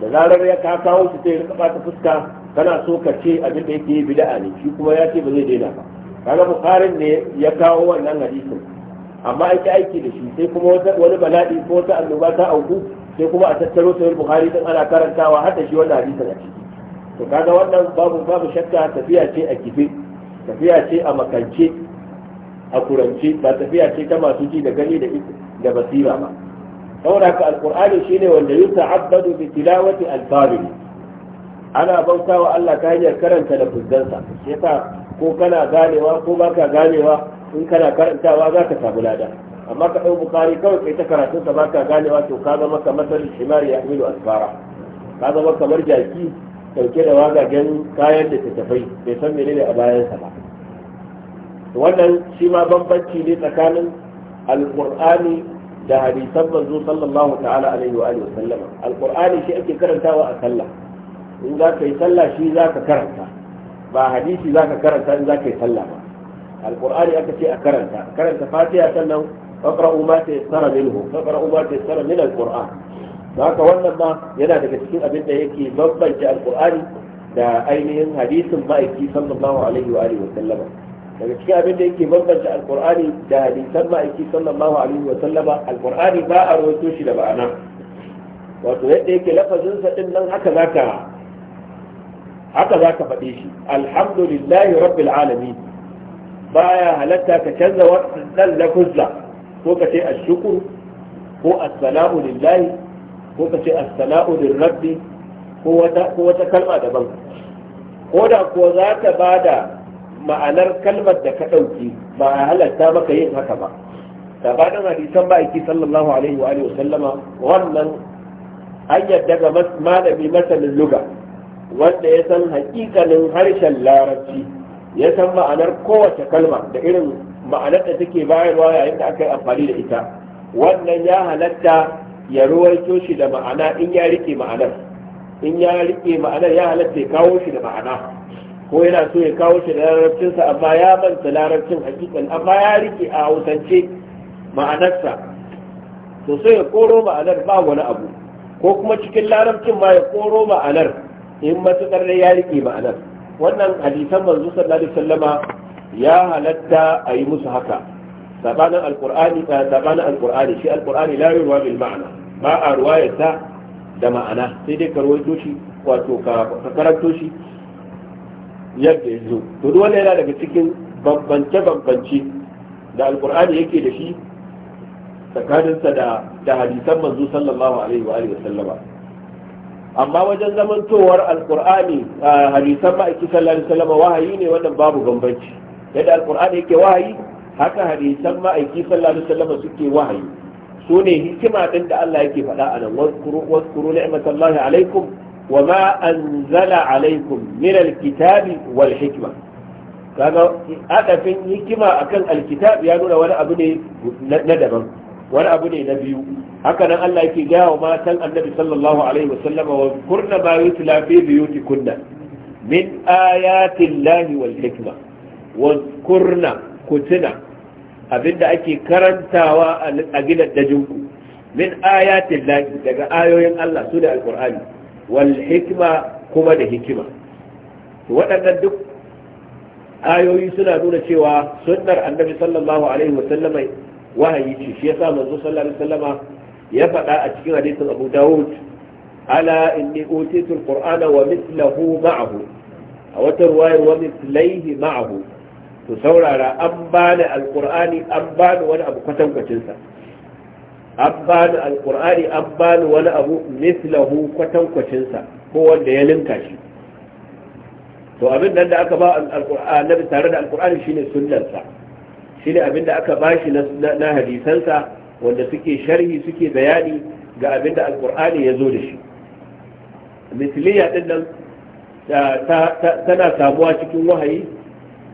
da zarar ya ka kawo shi sai rika bata fuska kana so ka ce abin da yake bid'a ne shi kuma ya ce ba zai daina ba kaga bukharin ne ya kawo wannan hadisin amma ake aiki da shi sai kuma wani bala'i ko wata annoba ta auku sai kuma a tattaro sahih bukhari din ana karantawa hada shi wannan hadisin a ciki to kaga wannan babu babu shakka tafiya ce a kife tafiya ce a makance a kurance ba tafiya ce ta masu ji da gani da da basira ba saboda ka alqur'ani shine wanda yusa yuta'abbadu bi tilawati alfabihi ana bauta wa Allah ta hanyar karanta da fuzzansa yasa ko kana ganewa ko baka ganewa in kana karantawa za ka samu lada amma ka dau bukari kawai kai ta karatu sa baka ganewa to ka zama kamar sarri shimari ya hamilu asfara ka zama kamar jaki dauke da wagagen kayan da tafai bai san menene a bayansa ba wannan shi ma bambanci ne tsakanin alqur'ani da hadisan manzo sallallahu ta'ala alaihi wa alihi sallama alqur'ani shi ake karantawa a sallah in za ka yi sallah shi za ka karanta ba hadisi za ka karanta in za ka yi sallah ba alqur'ani aka ce a karanta karanta fatiha sannan faqra'u ma tayassara minhu faqra'u ma tayassara min alqur'an haka wannan ma yana daga cikin abin da yake bambance alqur'ani da ainihin hadisin ma'aiki sallallahu alaihi wa alihi wa sallama daga cikin abin da yake bambanta alqur'ani da hadisan ma'aiki sallallahu alaihi wa sallama alqur'ani ba a rawaito shi da ba'ana. wato yadda yake lafazin sa din nan haka zaka haka zaka faɗe shi alhamdulillahi rabbil alamin baya halatta ka canza wannan lafuzza ko ka ce ashkuru ko assalamu lillahi ko ka ce assalamu lirabbi ko wata kalma daban ko da ko za ta ba da. ma'anar kalmar da ka ɗauki ba a halatta maka yin haka ba sabanin hadisan ma'aiki sallallahu alaihi wa alihi sallama wannan hanyar daga ga malami masanin luga wanda ya san hakikanin harshen larabci ya san ma'anar kowace kalma da irin ma'anar da take bayarwa yayin da aka yi amfani da ita wannan ya halatta ya ruwaito shi da ma'ana in ya rike ma'anar in ya rike ma'anar ya halatta ya kawo shi da ma'ana ko yana so ya kawo shi da larabcinsa amma ya manta larabcin hakikan amma ya rike a hausance ma'anarsa to sai ya koro ma'anar ba wani abu ko kuma cikin larabcin ma ya koro ma'anar in matuƙar ya rike ma'anar wannan hadisan manzo sallallahu alaihi wasallama ya halatta a yi musu haka sabanin alqur'ani eh, sabanin alqur'ani shi alqur'ani la yurwa bil ma'ana ba a ruwayarsa da ma'ana sai dai ka rawaito shi wato ka karanto shi yadda ya zo to duk wanda yana daga cikin bambance-bambance da alkur'ani yake da shi tsakaninsa da da hadisan manzo sallallahu alaihi wa alihi sallama amma wajen zamantowar alkur'ani hadisan ma'aiki sallallahu alaihi sallama wahayi ne wannan babu bambanci yadda alkur'ani yake wahayi haka hadisan aiki sallallahu alaihi sallama suke wahayi su ne hikima din da Allah yake faɗa a nan wasu kuru ni'matallahi alaikum wa ma anzala alaikum min alkitabi wal hikma kaga adafin hikima akan alkitab ya nuna wani abu ne na daban wani abu ne na biyu haka nan Allah yake gaya wa matan annabi sallallahu alaihi wasallam wa kurna ma yutla kutuna abinda ake karantawa a gidan dajinku min ayati llahi daga ayoyin Allah su da alƙur'ani. wal hikma kuma da hikima waɗannan duk ayoyi suna nuna cewa sunnar annabi sallallahu alaihi wasallama wahayi ce shi yasa manzo sallallahu alaihi ya faɗa a cikin hadisin Abu Dawud ala inni utitu alqur'ana wa mithluhu ma'ahu a wata ruwayar wa mithlaihi ma'ahu to saurara an bani alqur'ani an bani wani abu kwatankwacin sa an bani alkur'ani an bani wani abu mislahu kwatankwacinsa ko wanda ya linka shi to abin da aka ba alkur'ani tare da alkur'ani shine sunnarsa shine abin da aka bashi na hadisansa wanda suke sharhi suke bayani ga abin da alkur'ani ya zo da shi misliya din nan tana samuwa cikin wahayi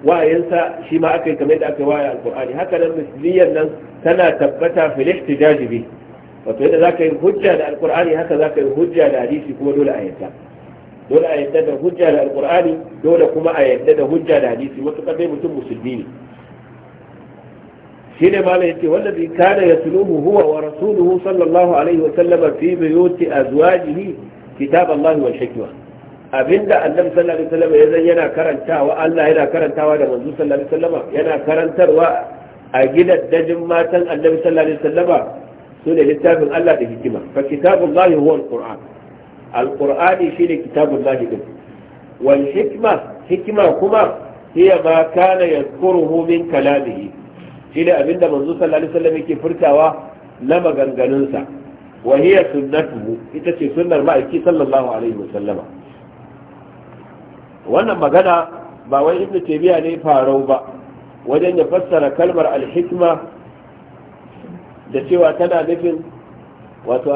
wayansa shi ma aka yi kamar yadda aka yi waya alqur'ani haka nan misliyar nan tana tabbata fil ihtijaj bi wato yadda ka yi hujja da alƙur'ani haka za ka yi hujja da hadisi kuma dole a yadda dole a yadda da hujja da alƙur'ani dole kuma a yadda da hujja da hadisi mutukar dai mutum musulmi ne shi shine ma yace wallazi kana yasluhu huwa wa rasuluhu sallallahu alaihi wa sallam fi buyuti azwajihi kitab Allah wa shakwa abinda annabi sallallahu alaihi wasallam ya zan yana karantawa Allah yana karantawa da manzo sallallahu alaihi wasallam yana karantarwa a gidan dajin matan annabi sallallahu alaihi wasallam ne littafin Allah da hikima fa kitabullahi huwa alquran alqurani shine kitabullahi din wal hikma hikma kuma hiya ma kana yadhkuruhu min kalamihi shine abinda manzo sallallahu alaihi wasallam yake furtawa na maganganunsa wa hiya sunnatuhu ita ce sunnar ma'aiki sallallahu alaihi wasallama wannan magana ba wai ibnu taymiya ne farau ba wajen ya fassara kalmar al-hikma da cewa tana nufin wato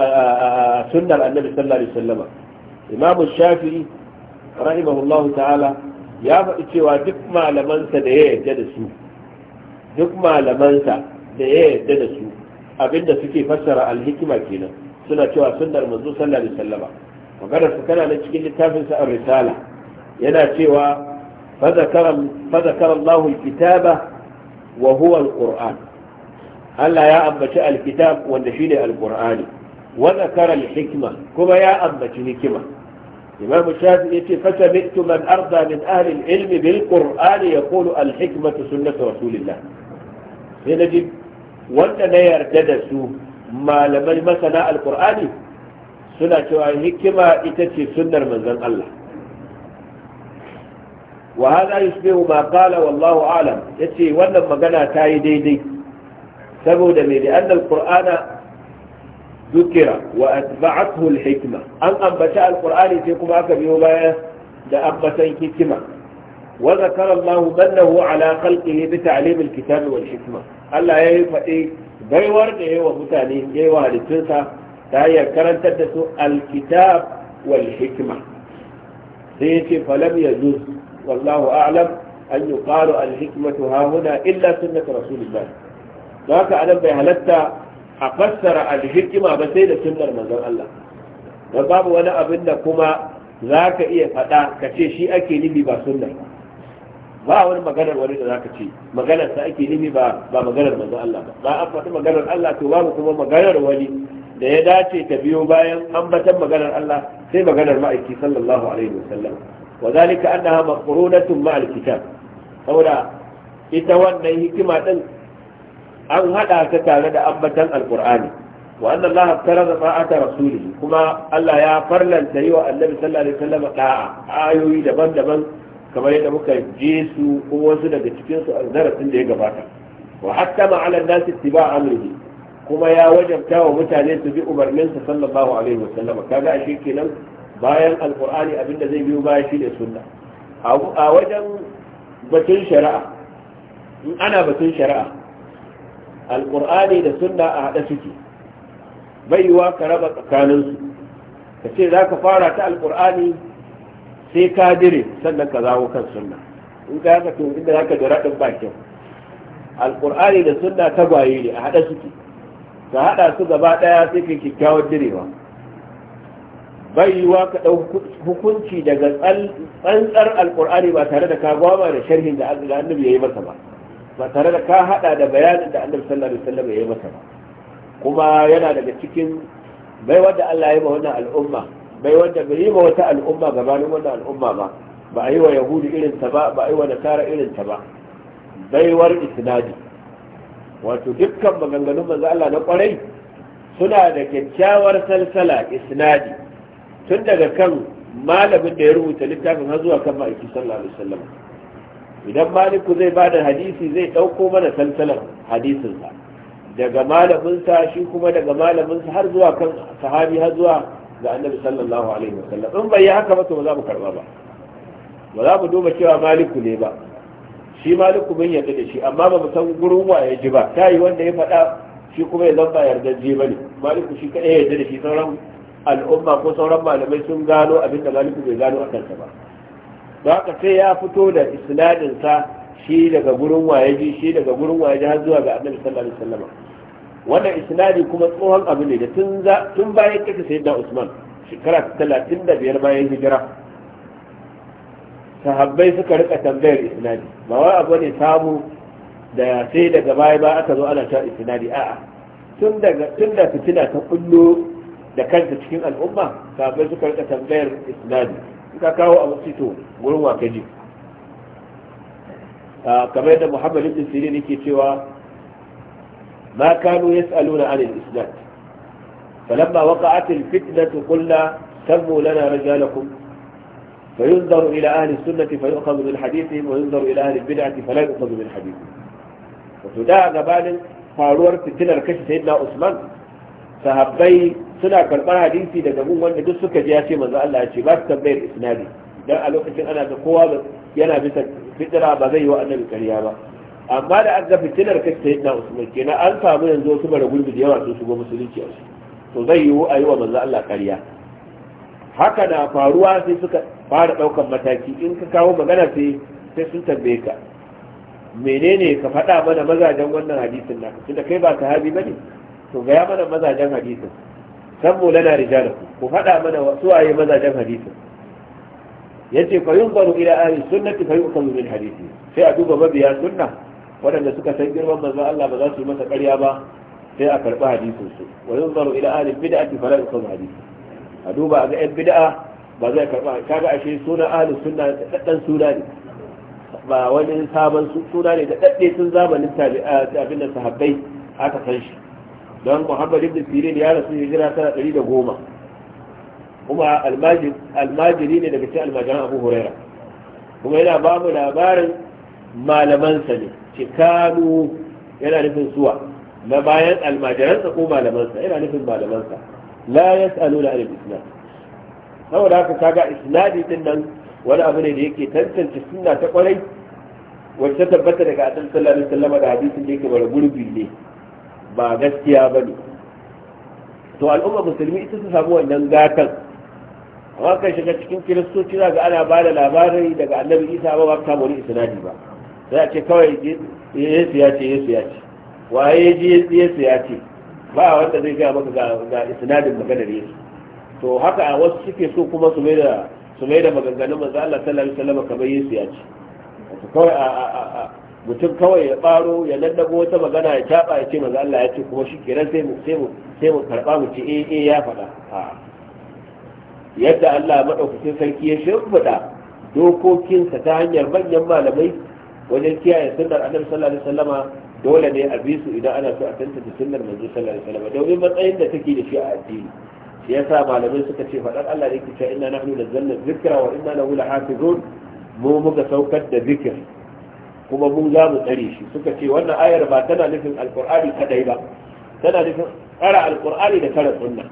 sunnar annabi sallallahu alaihi wasallam imam shafi'i rahimahullahu ta'ala ya faɗi cewa duk malamansa da ya yarda da su duk malamansa da ya yarda da su abinda suke fassara al-hikma kenan suna cewa sunnar manzo sallallahu alaihi wasallam magana su kana na cikin littafin sa ar-risala yana cewa fazakar Allah kitaba wa huwa al Allah ya ambaci al-kitab wanda shine al-Qur'ani wa zakara al kuma ya ambaci hikima Imam Shafi yace fasami'tu man arda min ahli al-ilm bil-Qur'ani yaqulu al sunnatu rasulillah sai naji wanda na yarda da su malamai masana al suna cewa hikima ita ce sunnar manzon Allah wa hadha yusbihu ma qala wallahu a'lam yace wannan magana ta yi daidai saboda mai da annal qur'ana ذكر وأتبعته الحكمة أن أنبتاء القرآن فيكم أكبر يوبايا لأنبتين كتمة وذكر الله منه على خلقه بتعليم الكتاب والحكمة ألا يفعي بيور إيه ومتانين إيه وهلتنسى تهي كرن تدس الكتاب والحكمة سيتي فلم يجوز wallahu a'lam an yuqalu al-hikmatu ha huna illa sunnat rasulillah haka anan bai halarta a fassara al ba sai da sunnar manzon Allah dan babu wani abin da kuma zaka iya faɗa ka ce shi ake nufi ba sunnar ba wani maganar wani da zaka ce maganar sa ake nufi ba ba maganar Allah ba ba an maganar Allah to babu kuma maganar wani da ya dace ta biyo bayan ambatan maganar Allah sai maganar ma'aiki sallallahu alaihi wasallam wa zalika annaha maqrunatun ma'al kitab saboda ita wannan hikima din an hada ta tare da ambatan alqur'ani wa anna Allah farada ta'ata rasulihi kuma Allah ya farlanta yi wa annabi sallallahu alaihi wasallam da'a ayoyi daban-daban kamar yadda muka je su ko wasu daga cikin su a zarafin ya gabata wa hatta ma ala nas ittiba amrihi kuma ya wajabta wa mutane su bi umarninsa sallallahu alaihi wasallam kaga ashe kenan bayan alkur'ani abinda zai biyo baya shi ne sunna a wajen batun shari'a in ana batun shari'a alkur'ani da sunna a haɗe suke bai yiwa ka raba tsakaninsu ka ce za ka fara ta alkur'ani sai ka dire sannan ka zawo kan sunna in ka yaka tun inda za ka jira ɗin bakin alkur'ani da sunna tagwaye ne a haɗe suke ka haɗa su gaba ɗaya sai ka kyakkyawar direwa Baiwa yiwa ka ɗau hukunci daga tsantsar alkur'ani ba tare da ka gwama da sharhin da annabi ya yi masa ba ba tare da ka haɗa da bayanin da annabi sallallahu alaihi wasallam ya yi masa ba kuma yana daga cikin bai wanda Allah ya yi ma wannan al'umma bai wanda bai yi ma wata al'umma gabanin wannan al'umma ba ba a yi wa Yahudu irin ta ba ba a yi wa nasara irin ta ba baiwar isnadi wato dukkan maganganun manzo Allah na kwarai suna da kyakkyawar salsala isnadi tun daga kan malamin da ya rubuta littafin har zuwa kan ma'aiki sallallahu alaihi wasallam idan maliku zai bada hadisi zai dauko mana salsalan hadisinsa daga malaminsa shi kuma daga malaminsa har zuwa kan sahabi har zuwa ga annabi sallallahu alaihi wasallam in bai yi haka ba to ba za mu karba ba ba za mu duba cewa maliku ne ba shi maliku mun yarda da shi amma ba mu san gurin wa ya ji ba ta yi wanda ya faɗa shi kuma ya zamba yarda je ba ne maliku shi kaɗai yarda da shi sauran al'umma ko sauran malamai sun gano abinda maliku bai gano a kansa ba don haka sai ya fito da isnadinsa shi daga gurin wayaji shi daga gurin wayaji har zuwa ga annabi sallallahu alaihi wasallam wannan isnadi kuma tsohon abu ne da tun tun bayan kake da Usman shekara 35 bayan hijira sahabbai suka rika tambayar isnadi ba wai abu ne samu da sai daga baya ba aka zo ana ta isnadi a'a tun daga tun da fitina ta kullo da kansa cikin al'umma sahabbai suka rika tambayar isnadi suka kawo a sito gurin wakaji ah, kamar da muhammad ibn sirin yake cewa ma kanu yas'aluna an al-isnad falamma waqa'at al-fitnatu qulna sammu lana rijalakum فينظر إلى أهل السنة فيؤخذ من حديثهم وينظر إلى أهل البدعة فلا يؤخذ من حديثهم وتدعى قبال faruwar fitinar kashe sai na usman sahabbai suna karɓar hadisi daga mun wanda duk suka ji ya ce manzo Allah ya ce ba su tambayar isnadi dan a lokacin ana da kowa yana bisa fitira ba zai yi wa annabi ƙarya ba amma da an ga fitilar kai sai na usman na an samu yanzu wasu bara gurbi da yawa sun shigo musulunci a su to zai yi a yi manzo Allah ƙarya haka na faruwa sai suka fara ɗaukar mataki in ka kawo magana sai sai sun tambaye ka menene ka faɗa mana mazajen wannan hadisin naka tunda kai ba sahabi bane to ga ya mana mazajen hadisin sabbu lana rijalakum ku faɗa mana su waye mazajen hadisin yace fa yunzaru ila ahli sunnati fa yu'khadhu min hadisi sai a duba mabiya sunna waɗanda suka san girman manzon Allah ba za su yi masa ƙarya ba sai a karɓi hadisin su wa yunzaru ila ahli bid'ati fa la yu'khadhu hadisi a duba ga ɗan bid'a ba zai karɓa kaga ashe sunan ahli sunna daddan suna ne ba wani sabon suna ne da dadde sun zamanin tabi'a abin da sahabbai aka san shi don muhammad ibn sirin ya rasu hijira tana ɗari da goma kuma almajiri ne daga cikin almajiran abu huraira kuma yana ba mu labarin malamansa ne cikanu yana nufin suwa na bayan almajiransa ko malamansa yana nufin malamansa la yas'alu da alif islam saboda haka kaga isnadi din nan wani abu ne da yake tantance suna ta kwarai wacce tabbata daga annabi sallallahu alaihi wasallam da hadisin da yake bara gurbi ne ba gaskiya ba ne to al'umma musulmi ita su samu wannan gatan amma kan shiga cikin kiristoci za ga ana ba da labarai daga annabi isa ba ba ta wani isnadi ba sai a ce kawai yesu ya ce yesu ya ce waye ji yesu ya ce ba wanda zai gaya maka ga isnadin maganar yesu to haka a wasu suke so kuma su mai da su mai da maganganun manzo Allah sallallahu alaihi wasallam kamar yesu ya ce kawai a mutum kawai ya ɓaro ya lallabo wata magana ya caɓa ya ce maza Allah ya ce kuma shi kiran sai mu sai mu sai mu karɓa mu ce eh eh ya faɗa yadda Allah madaukakin sarki ya shimfiɗa dokokinsa ta hanyar manyan malamai wajen kiyaye sunnar annabi sallallahu alaihi wasallama dole ne a bi su idan ana so a tantance sunnar manzo sallallahu alaihi wasallama domin matsayin da take da shi a addini shi yasa malamai suka ce faɗar Allah ne ke cewa inna nahnu nazzalna dhikra wa inna lahu lahafizun mu muka saukar da zikir kuma mun za mu tsare shi suka ce wannan ayar ba tana nufin alkur'ani kadai ba tana nufin tsara alkur'ani da tsara sunna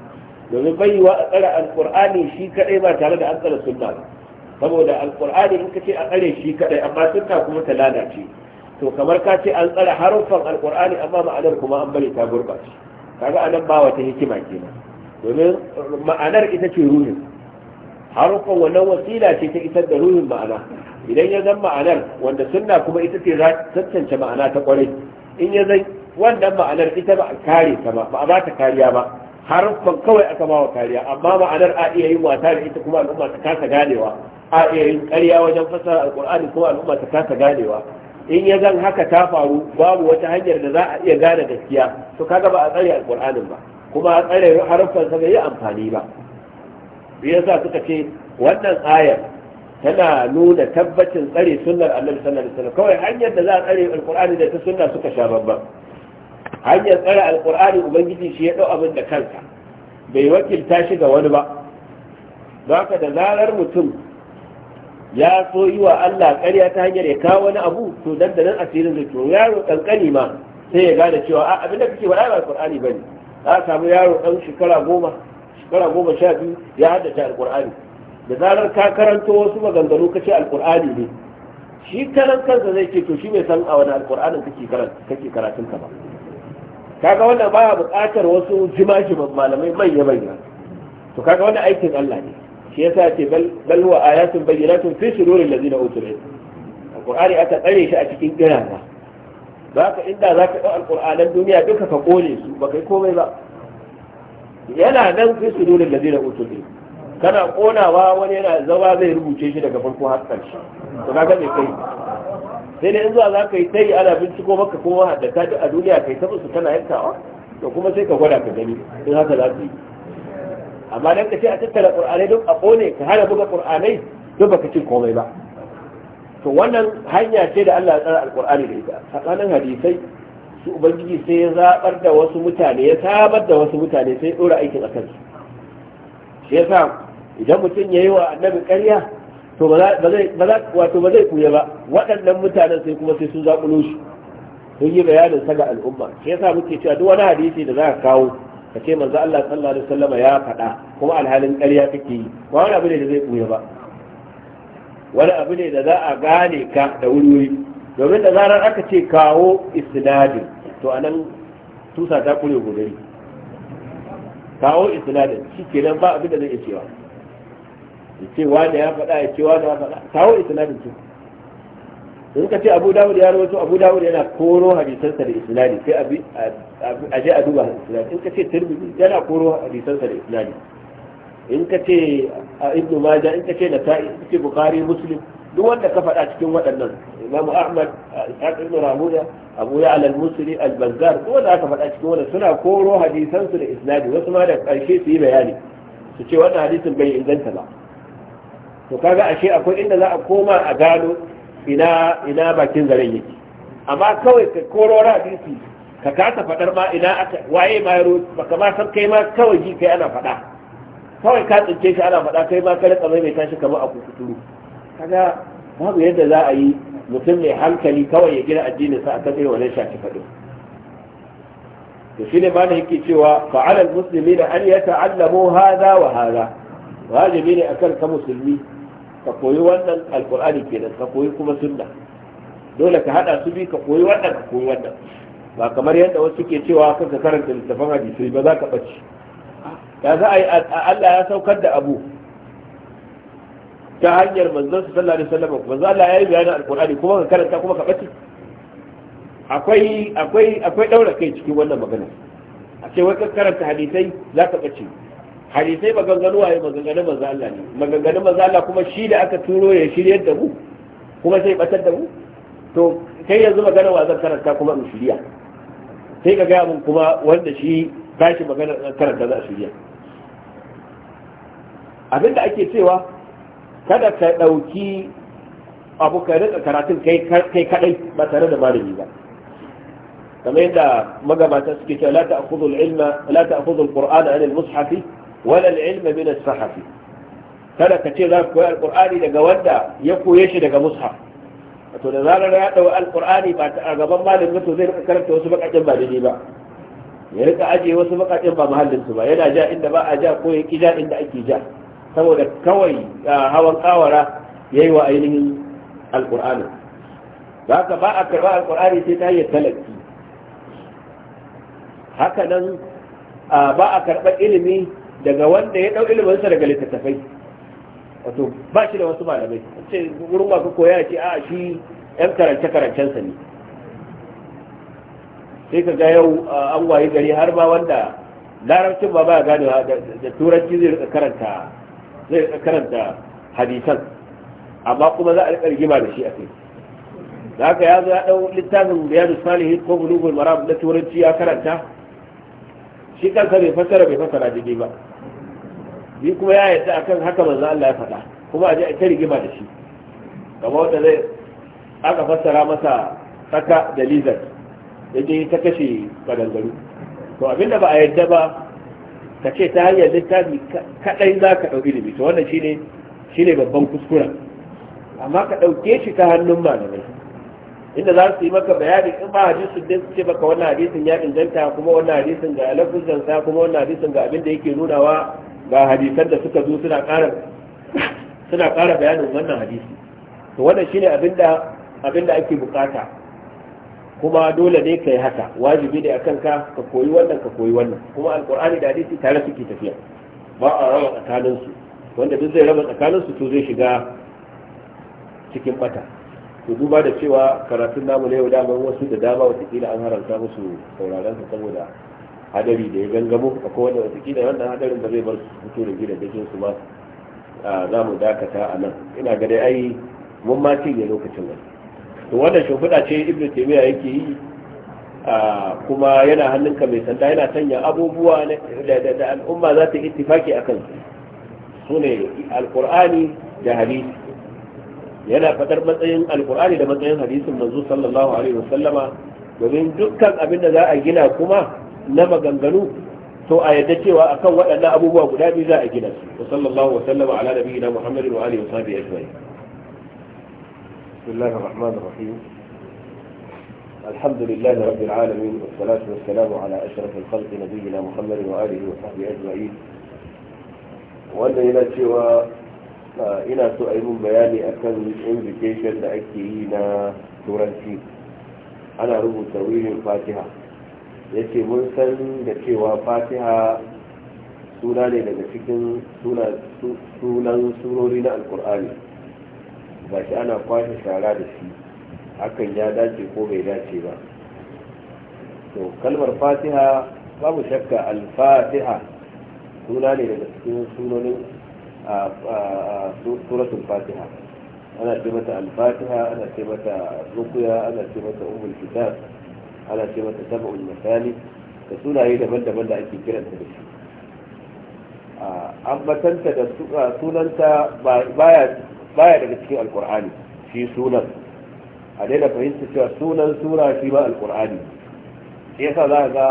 domin bai wa a tsara alkur'ani shi kadai ba tare da an tsara sunna ba saboda alkur'ani in ka ce a tsare shi kadai amma sunna kuma ta lalace to kamar ka ce an tsara haruffan alkur'ani amma ma'anar kuma an bari ta gurbace kaga anan ba wata hikima kenan domin ma'anar ita ce ruhin haruffan wannan wasila ce ta isar da ruhin ma'ana idan ya zan ma'anar wanda sunna kuma ita ce tattance ma'ana ta kwarai in ya zan wannan ma'anar ita ba a kare ta ba ba ta kariya ba harfan kawai aka ba wa kariya amma ma'anar a iya yin wata da ita kuma al'umma ta kasa ganewa a iya yin ƙarya wajen fasara alƙur'ani kuma al'umma ta kasa ganewa in ya zan haka ta faru babu wata hanyar da za a iya gane gaskiya to kaga ba a tsare alƙur'anin ba kuma a tsare harfan bai yi amfani ba yasa suka ce wannan ayar tana nuna tabbacin tsare sunnar annabi sallallahu alaihi wasallam kawai hanyar da za a tsare alqur'ani da ta sunna suka sha babban hanyar tsare alqur'ani ubangiji shi ya dau abin da kansa bai wakilta shi ga wani ba Zaka da zarar mutum ya so yi wa Allah ƙarya ta hanyar ya kawo wani abu to dan nan asirin zai to yaro kankani ma sai ya gane cewa a abin da kake wa ayyukan alqur'ani bane za a samu yaro dan shekara goma shekara goma sha biyu ya haddace alqur'ani da zarar ka karanto wasu maganganu ka ce alkur'ani ne shi karan kansa zai ce to shi bai san a wani alkur'anin kake karatun ka ba kaga wannan baya buƙatar wasu jimajiman malamai manya manya to kaga wannan aikin Allah ne shi yasa ce bal huwa ayatun bayyinatun fi sururil ladina utul ilm alkur'ani aka tsare shi a cikin kirana zaka inda zaka ɗau alkur'anan duniya duka ka kone su ba kai komai ba yana nan fi sururil ladina utul ilm kana konawa wani yana zama zai rubuce shi daga farko har ƙarshe to kaga bai kai sai dai in zuwa za ka yi tai ana binciko maka kuma haddata a duniya kai ta musu tana yankawa to kuma sai ka gwada ka gani in haka za su yi amma dan ka ce a tattara qur'anai duk a kone ka hana buga qur'anai duk baka cin komai ba to wannan hanya ce da Allah ya tsara alqur'ani da ita tsakanin hadisai su ubangiji sai ya zabar da wasu mutane ya sabar da wasu mutane sai dora aikin akan su shi yasa idan mutum ya yi wa annabi ƙarya to wato ba zai kuya ba waɗannan mutanen sai kuma sai sun zaƙulo shi sun yi bayanin sa ga al'umma shi yasa muke cewa duk wani hadisi da za ka kawo ka ce manzo Allah sallallahu alaihi wasallam ya faɗa kuma alhalin ƙarya kake yi ba wani abu ne da zai kuya ba wani abu ne da za a gane ka da wuri domin da zarar aka ce kawo isnadin to anan tusa ta kure gudari kawo isnadin shikenan ba abin da zai iya cewa ya ce wanda ya faɗa ya ce wanda ya faɗa kawo isnadin su in ka ce abu dawud ya rawaito abu dawud yana koro hadisansa da isnadi sai a je a duba isnadi in ka ce tirmidhi yana koro hadisansa da isnadi in ka ce ibnu majah in ka ce nasa'i in ka ce bukhari muslim duk wanda ka faɗa cikin waɗannan imam ahmad ishaq ibn ramuda abu ya'la al-musri al-bazzar ko da aka faɗa cikin wannan suna koro hadisan su da isnadi wasu ma da ƙarshe su yi bayani su ce wannan hadisin bai inganta ba to kaga ashe akwai inda za a koma a gano ina ina bakin zaren yake amma kawai ka koro hadisi ka kasa fadar ma ina aka waye ma yaro baka ma san kai ma kawai ji kai ana fada kawai ka tsince shi ana fada kai ma ka rika mai tashi kamar a kukuturu kaga babu yadda za a yi mutum mai hankali kawai ya gina addinin sa akan irin wannan shafi fadin to shine ma da yake cewa fa'alal muslimina an yata'allamu hadha wa hadha wajibi ne akan ka musulmi ka koyi wannan alkur'ani kenan ka koyi kuma sunna dole ka hada su bi ka koyi wannan ka koyi wannan ba kamar yadda wasu ke cewa kan ka karanta littafin hadisi ba za ka bace ya za a yi Allah ya saukar da abu ta hanyar manzon sallallahu alaihi wasallam za Allah ya yi bayanin alkur'ani kuma ka karanta kuma ka bace akwai akwai akwai daura kai cikin wannan magana a ce wai karanta hadisai za ka bace hadisai maganganu waye maganganun manzo Allah ne maganganun manzo Allah kuma shi da aka turo ya shiryar da mu kuma sai batar da mu to kai yanzu magana wa zan karanta kuma in shirya sai ka gaya min kuma wanda shi tashi magana karanta za a shirya abinda ake cewa kada ka ɗauki abu ka rika karatun kai kadai ba tare da malami ba kamar yadda magabata suke cewa la ta'khudhu al-ilma la ta'khudhu al-qur'ana an al-mushafi wala al-ilma min kada ka ce za ka koyi alqur'ani daga wanda ya koye shi daga musha. to da zarar ya dawo alqur'ani ba a gaban malamin to zai rika karanta wasu bakakin ba daidai ba ya rika ajiye wasu bakakin ba muhallin su ba yana ja inda ba a ja ko ya kija inda ake ja saboda kawai hawan kawara yayi wa ainihin alkur'ani za ka ba a karɓa alqur'ani sai ta hanyar talaki haka nan ba a karɓar ilimi daga wanda ya ɗau iliminsa daga littattafai wato ba shi da wasu malamai ce wurin ba ka koya ce a shi yan karance karancensa ne sai ka ga yau an waye gari har ba wanda larabcin ba ba gane da turanci zai rika karanta zai rika karanta hadisan amma kuma za a rika rigima da shi a kai da haka ya zo ya dau littafin biyadu salihin ko bulugul maram na turanci ya karanta shi kansa bai fassara bai fassara daidai ba ni kuma ya yadda akan haka manzo Allah ya faɗa kuma a je a ta gima da shi kamar wanda zai aka fassara masa saka da lizard da je ta kashe kadangaru to abinda ba a yadda ba ka ce ta hanyar littafi kaɗai za ka ɗauki ilimi to wannan shine shine babban kuskura amma ka ɗauke shi ta hannun malamai inda za su yi maka bayani in ba hadisin din su ce maka wannan hadisin ya inganta kuma wannan hadisin ga lafizan sa kuma wannan hadisin ga abin da yake nunawa ga hadisan da suka zo suna ƙara suna ƙara bayanin wannan hadisi to wannan shine abinda abinda ake bukata kuma dole ne kai haka wajibi ne akan ka ka koyi wannan ka koyi wannan kuma alqur'ani da hadisi tare suke tafiya ba a raba tsakanin su wanda duk zai raba tsakanin su to zai shiga cikin bata to duba da cewa karatun namu ne yau da wasu da dama wata an haramta musu sauraron saboda hadari da ya gangamo kowane wata watakila wannan hadarin ba zai bar su fito da gidajen su ba za mu dakata a nan ina ga dai ai mun ma ne lokacin nan to wannan shimfiɗa ce ibnu taymiya yake yi kuma yana hannunka mai sanda yana sanya abubuwa da al'umma za ta ittifaki akan su su ne alkur'ani da hadisi yana faɗar matsayin alkur'ani da matsayin hadisin manzo sallallahu alaihi wasallama domin dukkan abin da za a gina kuma na maganganu to a yadda cewa akan waɗannan abubuwa guda biyu za a gina su wa sallallahu wa sallama ala nabiyina muhammadin wa alihi wa sahbihi ajma'in bismillahir rahmanir rahim الحمد لله رب العالمين والصلاة والسلام على أشرف الخلق wa محمد wa وصحبه أجمعين wanda yana cewa ina so a yi mun bayani akan invitation da ake yi na turanci ana rubuta wurin fatiha yake mun san da cewa fatiha suna ne daga cikin sunan surori na alkur'ani ba shi ana kwashe shara da shi hakan ya dace ko bai dace ba to kalmar fatiha babu shakka alfatiha suna ne daga cikin sunonin suratul fatiha ana ce mata alfatiha ana ce mata rukuya ana ce mata umul kitab ana ce mata sab'ul masani da sunaye daban-daban da ake kiranta da shi ambatanta da sunanta baya daga cikin alkur'ani shi sunan a daina fahimta cewa sunan sura shi ba alkur'ani shi yasa za ga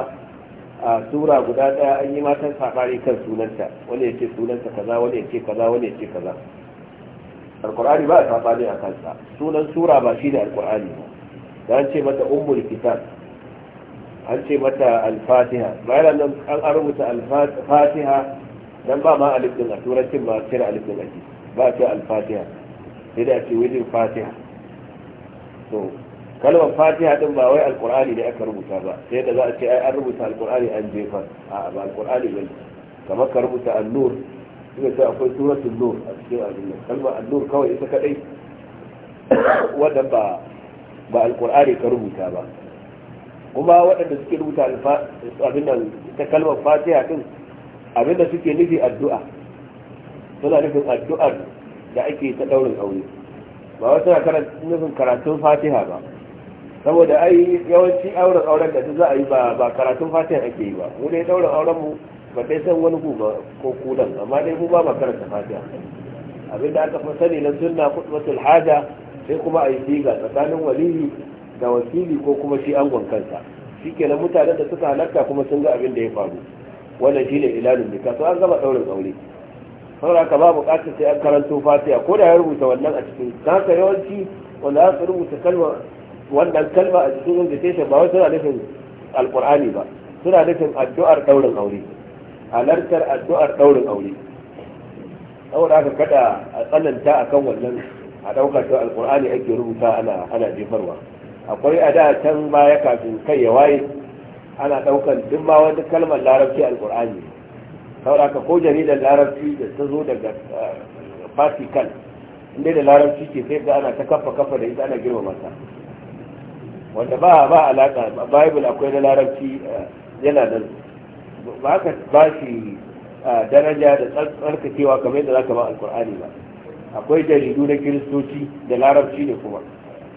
a sura guda daya an yi matan saɓari kan sunanta wani ya ce sunanta kaza wani ya ce kaza wani ya ce kaza alkur'ani ba a saɓani a kansa sunan sura ba shi ne alkur'ani ba da an ce mata ummul kitab an ce mata alfatiha bayan nan an rubuta alfatiha dan ba ma alif din a turancin ba cire alif din ake ba ce alfatiha sai da ce wajen fatiha to kalmar fatiha din ba wai alqur'ani ne aka rubuta ba sai da za a ce ai an rubuta alqur'ani an jefa a ba alqur'ani bane kamar ka rubuta an-nur sai ta akwai suratul nur a cikin abin kalmar an-nur kawai ita kadai wannan ba ba alqur'ani ka rubuta ba kuma waɗanda suke rubuta abin da ta kalmar fatiha din abin da suke nufi addu'a suna nufin addu'ar da ake ta daurin aure ba wasu suna nufin karatun fatiha ba saboda ai yawanci auren auren da za a yi ba karatun fatiha ake yi ba mu dai daurin auren mu ba dai san wani ku ko kudan amma dai mu ba ba karanta fatiha abin da aka fi sani na sunna khutbatul haja sai kuma a yi siga tsakanin waliyi da wakili ko kuma shi angon kansa shikenan mutanen da suka halarta kuma sun ga abin da ya faru wannan shi shine ilalun nikah to an gama daurin aure saboda ka ba bukatar sai an karanto fatiha ko da ya rubuta wannan a cikin haka yawanci wanda za su rubuta kalma wannan kalma a cikin invitation ba wai suna nufin alkur'ani ba suna nufin addu'ar daurin aure halartar addu'ar daurin aure saboda haka kada a tsananta akan wannan a ɗaukar ta alkur'ani ake rubuta ana ana jefarwa akwai a da can ya kafin kai ya waye ana ɗaukan duk ma wani kalmar larabci alƙur'ani saboda ka ko jaridar larabci da ta zo daga eh, vatican inda da larabci ke sai da ana ta kafa kafa da ita ana girma mata wanda ba ba alaƙa bible akwai na larabci eh, yana nan ba ka ba shi eh, daraja da tsarkakewa kamar yadda za ka ba alƙur'ani ba akwai jaridu na kiristoci da larabci ne kuma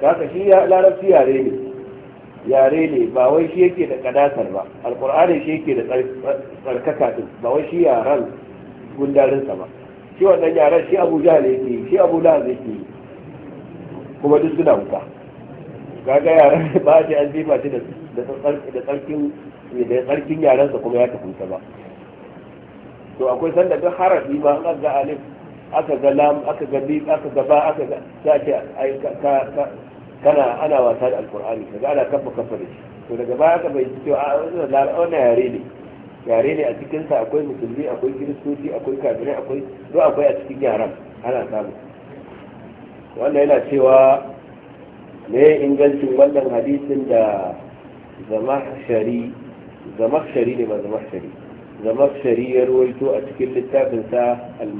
kaka shi larabci yare ne yare ne ba wai shi yake da kadatar ba alkur'ani shi yake da tsarkaka din ba wai shi yaran gundarinsa ba shi wannan yaran shi abu jahal yake shi abu lahaz yake kuma duk suna wuta kaga yaran ba shi an jefa shi da tsarkin da tsarkin yaransa kuma ya tafi ba to akwai sanda duk harafi ba an ga alif aka ga lam aka ga bi aka ga ba aka ga sai ka kana ana wasa da alkur'ani kaga ana kafa kafa da shi to daga baya ka bai cewa a ah, wannan yare ne yare ne a cikin sa akwai musulmi akwai kiristoci akwai kafirai akwai do akwai a cikin yaran ana samu wanda yana cewa me ingancin wannan hadisin da shari zama shari ne ba zama shari ya ruwaito a cikin littafin sa al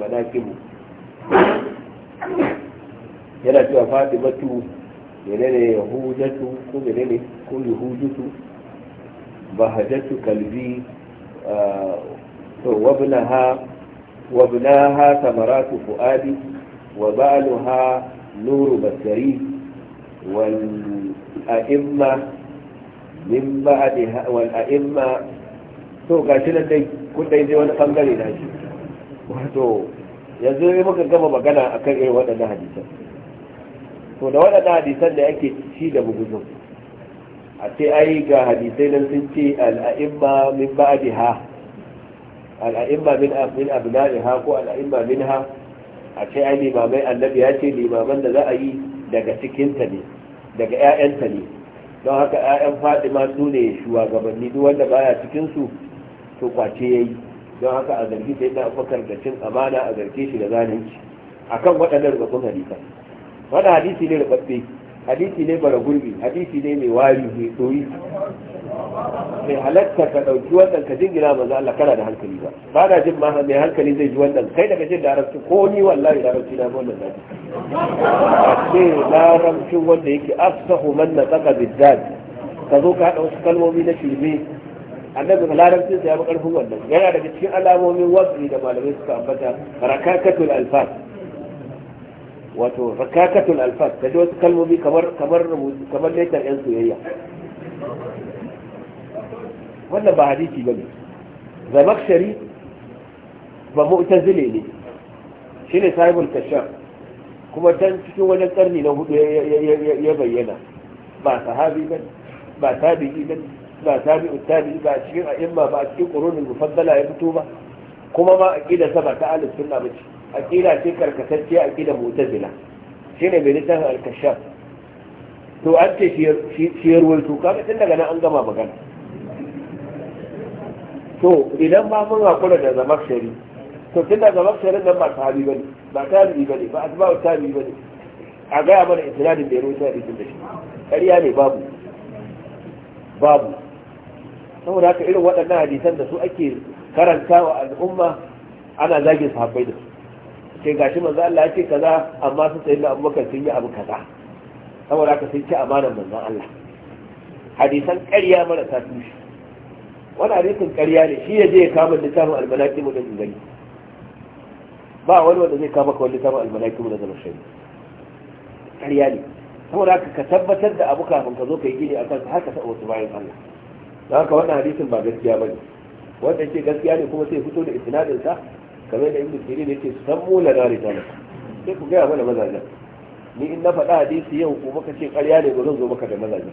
yana cewa fatimatu menene yahudatu ko menene ko yahudutu bahajatu kalbi to wabnaha wabnaha samaratu fuadi wa ba'luha nuru basari wal a'imma min ba'daha wal a'imma to gashi nan dai kun dai dai wani bangare na shi wato yanzu muka gama magana akan irin waɗannan hadisan to da waɗanda hadisan da yake ci da bugudun a ce ai ga hadisai nan sun ce al'a'imma min ha al'a'imma min min ha ko al'a'imma ha a ce ai limamai annabi ya ce limaman da za a yi daga cikinta ne daga ƴaƴanta ne don haka ƴaƴan Fatima su ne shugabanni duk wanda baya cikin su to kwace ya yi don haka a zargi sai na fakar da cin amana a zarge shi da zalunci akan waɗannan rubutun hadisan wani hadisi ne rubabbe hadisi ne bara gurbi hadisi ne mai wari mai tsoyi mai halatta ka ɗauki wannan ka jingina manzo Allah kana da hankali ba ba da jin ma mai hankali zai ji wannan kai daga jin larabci ko ni wallahi larabci na wannan zaki a ce larabcin wanda yake afsahu man na tsaka bizzat ka zo ka ɗauki kalmomi na shirme annabi ga larabcin sa ya bi ƙarfin wannan yana daga cikin alamomin wasu da malamai suka ambata rakakatul alfas wato zakakatul alfas kaji wasu kalmomi kamar kamar kamar letar yan soyayya wannan ba hadisi ba ne zamakshari ba mu'tazile ne shi ne sahibul kashaf kuma dan cikin wajen karni na hudu ya bayyana ba sahabi ba ba tabi'i ba ba tabi'u tabi'i ba cikin a'imma ba cikin qurunul mufaddala ya fito ba kuma ma aqida sa ba ta ahlus sunna ba ce aqida ce karkatacce aqida mu'tazila shine bai littafin al-kashaf to an ce shi to kaga tun daga nan an gama magana to idan ba mun hakura da zamar shari to tun da zama shari nan ba sahabi bane ba tabi'i bane ba asba'u tabi'i bane a gaya mana isnadin da ya ruwaito hadisin da shi ƙarya ne babu babu saboda haka irin waɗannan hadisan da su ake karanta wa al'umma ana zagin sahabbai da su ce gashi manzo Allah ya ce kaza amma su sayi abubakar sun yi abu kaza saboda haka sun ci amanar manzo Allah hadisan ƙarya marasa tushe wani hadisin ƙarya ne shi ya je ya kama littafin almanaki mu da gani ba wani wanda zai kama ka littafin almanaki mu da zama ƙarya ne saboda haka ka tabbatar da abu kafin ka zo ka yi gini a kansa haka taɓa wasu bayan Allah don haka wannan hadisin ba gaskiya ba ne wanda ce gaskiya ne kuma sai fito da isnadinsa kamar da ibnu sirin yake sammu lana rijalan sai ku gaya mana mazajen ni in na faɗa hadisi yau ko maka ce ƙarya ne ba zan zo maka da mazajen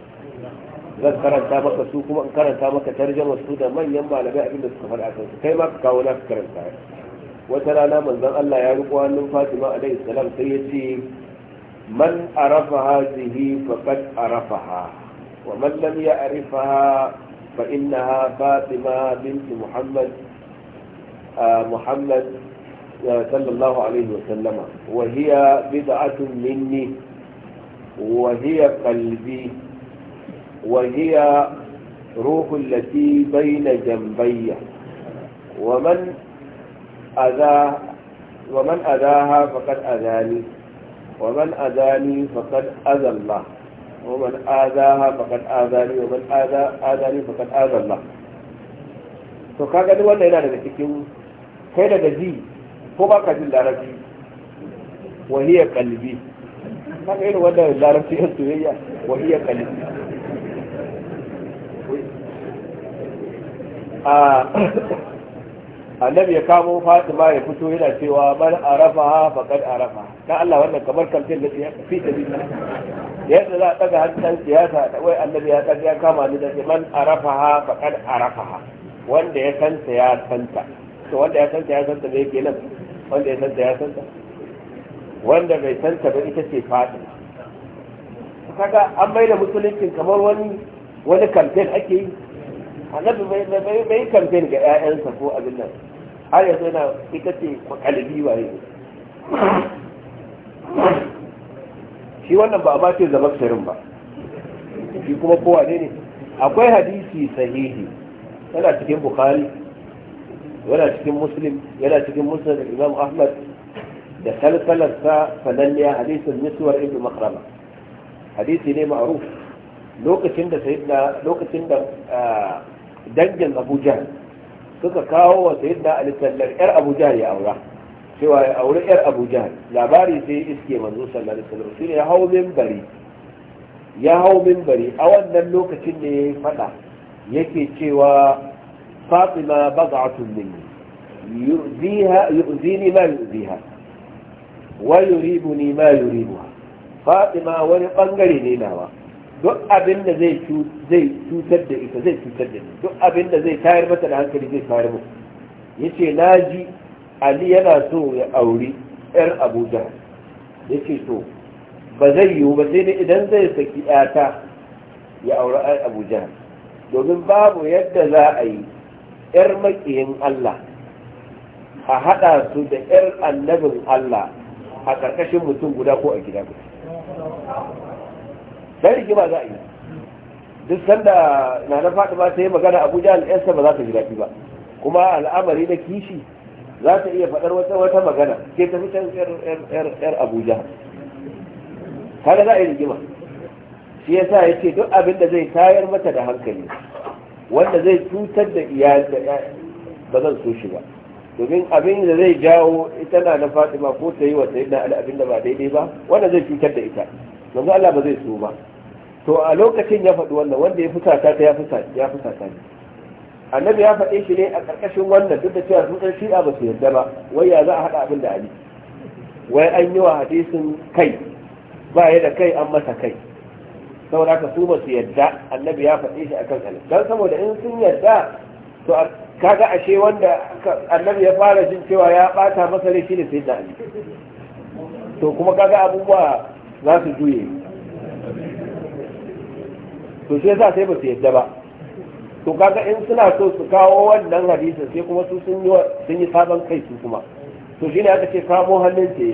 zan karanta maka su kuma in karanta maka tarjama su da manyan malamai abin da suka faɗa a kansu kai ma ka kawo naka karanta wata rana manzon Allah ya riƙo hannun Fatima alaihi salam sai ya ce man arafaha zihi faqad arafaha wa man lam ya'rifaha fa innaha Fatima binti Muhammad محمد صلى الله عليه وسلم وهي بدعة مني وهي قلبي وهي روح التي بين جنبي ومن أذا ومن أذاها فقد أذاني ومن أذاني فقد أذى الله ومن آذاها فقد آذاني ومن آذى آذاني فقد آذى الله فكذا wannan yana daga cikin kai daga ji ko ba ka jin larabci wahiyar kalbi na ga irin wanda larabci ya soyayya wahiyar kalbi a annabi ya kamo fatima ya fito yana cewa man arafa faqad arafa dan Allah wannan kamar kamfen da ya fi ta bin yadda za a daga hannun siyasa da wai annabi ya daga ya kama ni da man arafa faqad arafa wanda ya san ya san to wanda ya santa ya santa bai ke nan wanda ya santa ya santa wanda bai santa ba ita ce fadi kaga an bai da musuluncin kamar wani wani campaign ake yi annabi bai kamfen ga 'ya'yansa ko abin nan har yanzu yana ita ce makalibi waye shi wannan ba a ma ce zama sirrin ba shi kuma kowa ne ne akwai hadisi sahihi yana cikin bukhari yana cikin muslim yana cikin musnad imam ahmad da kalkalar sa sananniya hadisin mutuwar ibn makrama hadisi ne ma'ruf lokacin da sayidna lokacin da ah, dangin abuja jahl suka kawo wa sayidna ali sallar yar abuja ya aura cewa ya auri yar abuja labari sai iske manzo sallallahu alaihi wasallam shine ya hawo minbari ya hawo minbari a wannan lokacin ne ya faɗa yake cewa فاطمة بضعة مني يؤذيها يؤذيني ما يؤذيها ويريبني ما يريبها فاطمة ويقنقريني ناوى دق أبن زي زي تتدئك زي تتدئك دق أبن زي تاير مثلا عنك زي تاير يشي ناجي علي ناسو يا أولي إر أبو جهل يشي سو بزيه بزين إذن زي سكي آتا يا أولي أبو جهل من باب يد ذا أي 'yar makiyin Allah a haɗa su da 'yar annabin Allah a ƙarƙashin mutum guda ko a gida guda dan rigima za a yi duk sanda na na ba ta yi magana abuja al'yansa ba za ta ji daɗi ba kuma al'amari na kishi za ta iya faɗar wata wata magana ke tafi can yar abuja kaga za a yi rigima shi yasa ya ce duk abin da zai tayar mata da hankali wanda zai cutar da iyali da ba zan so shi ba domin abin da zai jawo ita na na fatima ko ta yi wa sayi ali abin da ba daidai ba wanda zai cutar da ita yanzu Allah ba zai so ba to a lokacin ya faɗi wannan wanda ya fusata ta ya fusata ya ne annabi ya faɗe shi ne a ƙarƙashin wannan duk da cewa tutar ɗan shi'a ba su yarda ba wai ya za a haɗa abin da ali wai an yi wa hadisin kai ba ya da kai an masa kai saboda aka su ba su yadda annabi ya faɗi shi akan alif dan saboda in sun yadda to kaga ashe wanda annabi ya fara jin cewa ya bata masa rai shine sai da ali to kuma kaga abubuwa za su juye to sai za sai ba su yadda ba to kaga in suna so su kawo wannan hadisin sai kuma su sun yi sun yi sabon kai su kuma to shine aka ce kamo hannun ta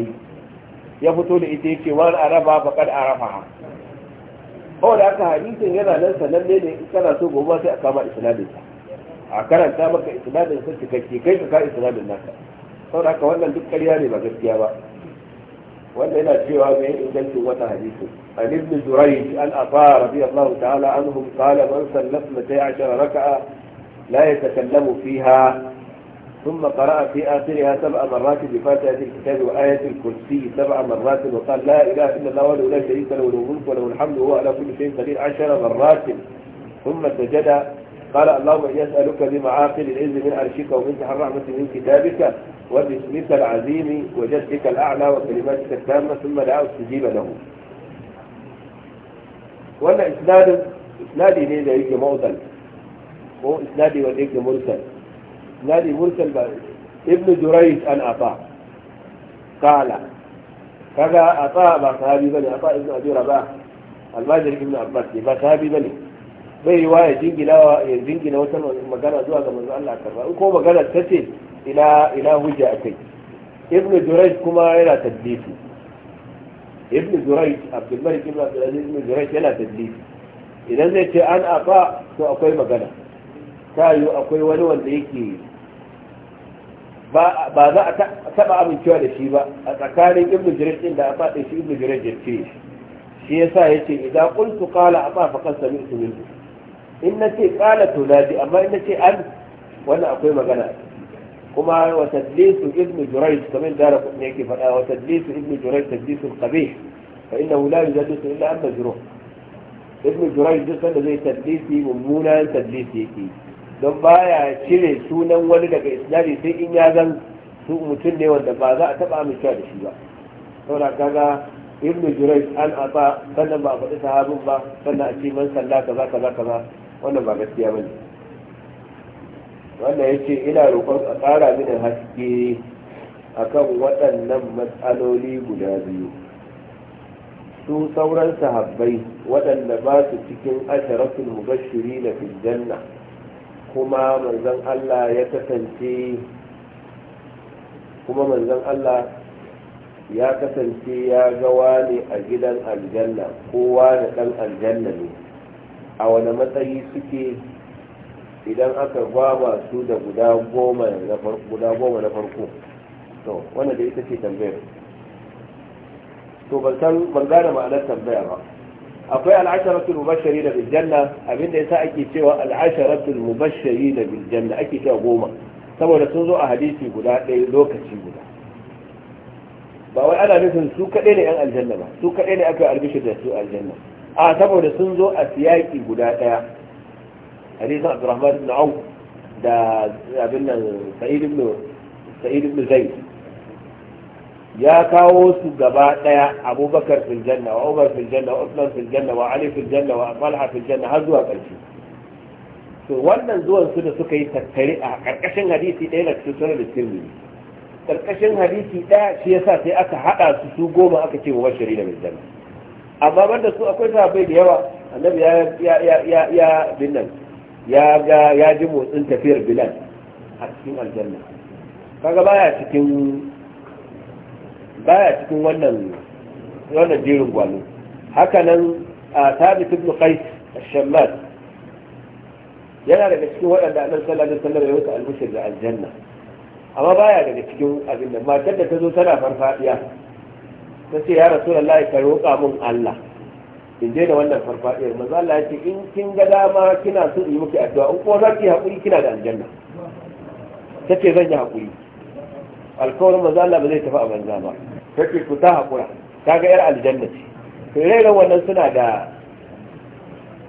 ya fito da ita yake wani araba faqad arafa kawai da aka hadisin yana nan sananne ne in kana so gobe sai a kama isnadin sa a karanta maka isnadin sa cikakke kai ka ka isnadin naka saboda haka wannan duk ƙarya ne ba gaskiya ba wanda yana cewa mai ingancin wata hadisin an ibn jurayj an afa radiyallahu ta'ala anhum qala man sallat 12 raka'a la yatakallamu fiha ثم قرأ في آخرها سبع مرات بفاتحة الكتاب وآية الكرسي سبع مرات وقال لا إله إلا الله وله لا شريك له له الملك وله الحمد وهو على كل شيء قدير عشر مرات ثم سجد قال اللهم إني أسألك بمعاقل العز من عرشك ومن تحت رحمة من كتابك وباسمك العظيم وجدك الأعلى وكلماتك التامة ثم دعا استجيب له وأن إسناد إسنادي ليه ده يجي موصل هو إسنادي وليه يجي مرسل isnadi mursal ba ibnu jurayj an ata qala kaga ata ba sahabi bane ata ibnu abi rabah almajir ibnu abbas ba sahabi bane bai yi wa ya jingina wata magana zuwa ga manzo Allah karba in ko magana ta ce ina ina hujja akai ibn jurayj kuma yana tadlisi ibn jurayj abdul malik ibn abdul aziz ibn jurayj yana tadlisi idan zai ce an afa to akwai magana ta yiwu akwai wani wanda yake ba za a taba amincewa da shi ba a tsakanin ibn jiraj din da a faɗi shi ibn jiraj ya ce shi yasa yace idza kala a amma fa qad su minhu in nace qala to ladi amma in na ce an wannan akwai magana kuma wa tadlisu ibn jiraj kamar da ra kuma yake faɗa wa tadlisu ibnu jiraj tadlisu qabih fa innahu la yujaddisu illa an majruh ibnu jiraj duk sanda zai tadlisi mummunan tadlisi yake yi don baya cire sunan wani daga isnadi sai in ya zan su mutum ne wanda ba za a taba amincewa da shi ba saboda kaga ibnu jurais an aba sannan ba a faɗi sahabin ba sannan a ce man sallah kaza kaza kaza wannan ba gaskiya bane wannan yace ina roƙon a ƙara mini haske akan waɗannan matsaloli guda biyu su sauran sahabbai waɗanda ba su cikin asharatul mubashiri fil janna kuma manzon Allah ya kasance kuma manzon Allah ya kasance ya ga wani a gidan aljanna kowa da ɗan aljanna ne a wani matsayi suke idan aka gwaba su da guda goma na farko to wanda da ita ce tambayar to ban san ban gane ma'anar tambaya ba akwai al'asharatul mubashshari da bil janna ya sa ake cewa al'asharatul mubashshari da bil janna ake cewa goma saboda sun zo a hadisi guda ɗaya lokaci guda ba wai ana nufin su kaɗai ne yan aljanna ba su kaɗai ne aka albishir da su aljanna a saboda sun zo a siyaki guda ɗaya hadisin abdurrahman ibn au da abin nan sa'id ibn sa'id ibn zaid ya kawo su gaba daya abubakar fil janna wa umar fil janna wa usman fil janna wa ali fil janna wa talha fil janna har zuwa karshe to wannan zuwan su da suka yi tattare a karkashin hadisi ɗaya na cikin sunan da sirri karkashin hadisi ɗaya shi yasa sai aka hada su su goma aka ce wa bashari da fil janna amma banda su akwai sahabbai da yawa annabi ya ya ya ya binnan ya ga ya ji motsin tafiyar bilal a cikin aljanna kaga baya cikin baya cikin wannan wannan jerin gwano Hakanan a thabit ibn qais ash-shammat yana daga cikin waɗanda annabi sallallahu alaihi wasallam ya wuce al-bushr da aljanna amma baya daga cikin abin da matar da ta zo tana farfadiya ta ce ya rasulullahi ka roƙa mun Allah in je da wannan farfadiyar manzo Allah ya ce in kin ga dama kina so yi miki addu'a in kuma za ki haƙuri kina da aljanna ta ce zan yi haƙuri alkawarin manzo Allah ba zai tafi a banza ba take ku ta hakura kaga yar aljanna ce to wannan suna da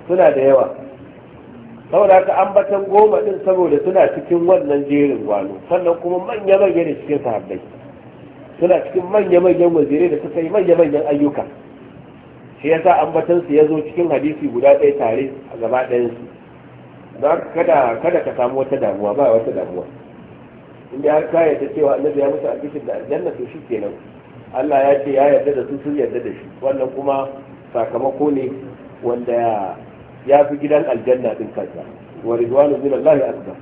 suna da yawa saboda ka ambatan goma din saboda suna cikin wannan jerin gwano sannan kuma manya manya ne cikin sahabbai suna cikin manya manyan wazirai da suka yi manya manyan ayyuka shi yasa ambatan su yazo cikin hadisi guda ɗaya tare a gaba ɗayan su kada kada ka samu wata damuwa ba wata damuwa inda har ka cewa annabi ya mutu a cikin da aljanna to shi kenan Allah ya ce ya yarda da su sun yarda da shi wannan kuma sakamako ne wanda ya fi gidan aljanna din kansa wa ridwanu min Allah akbar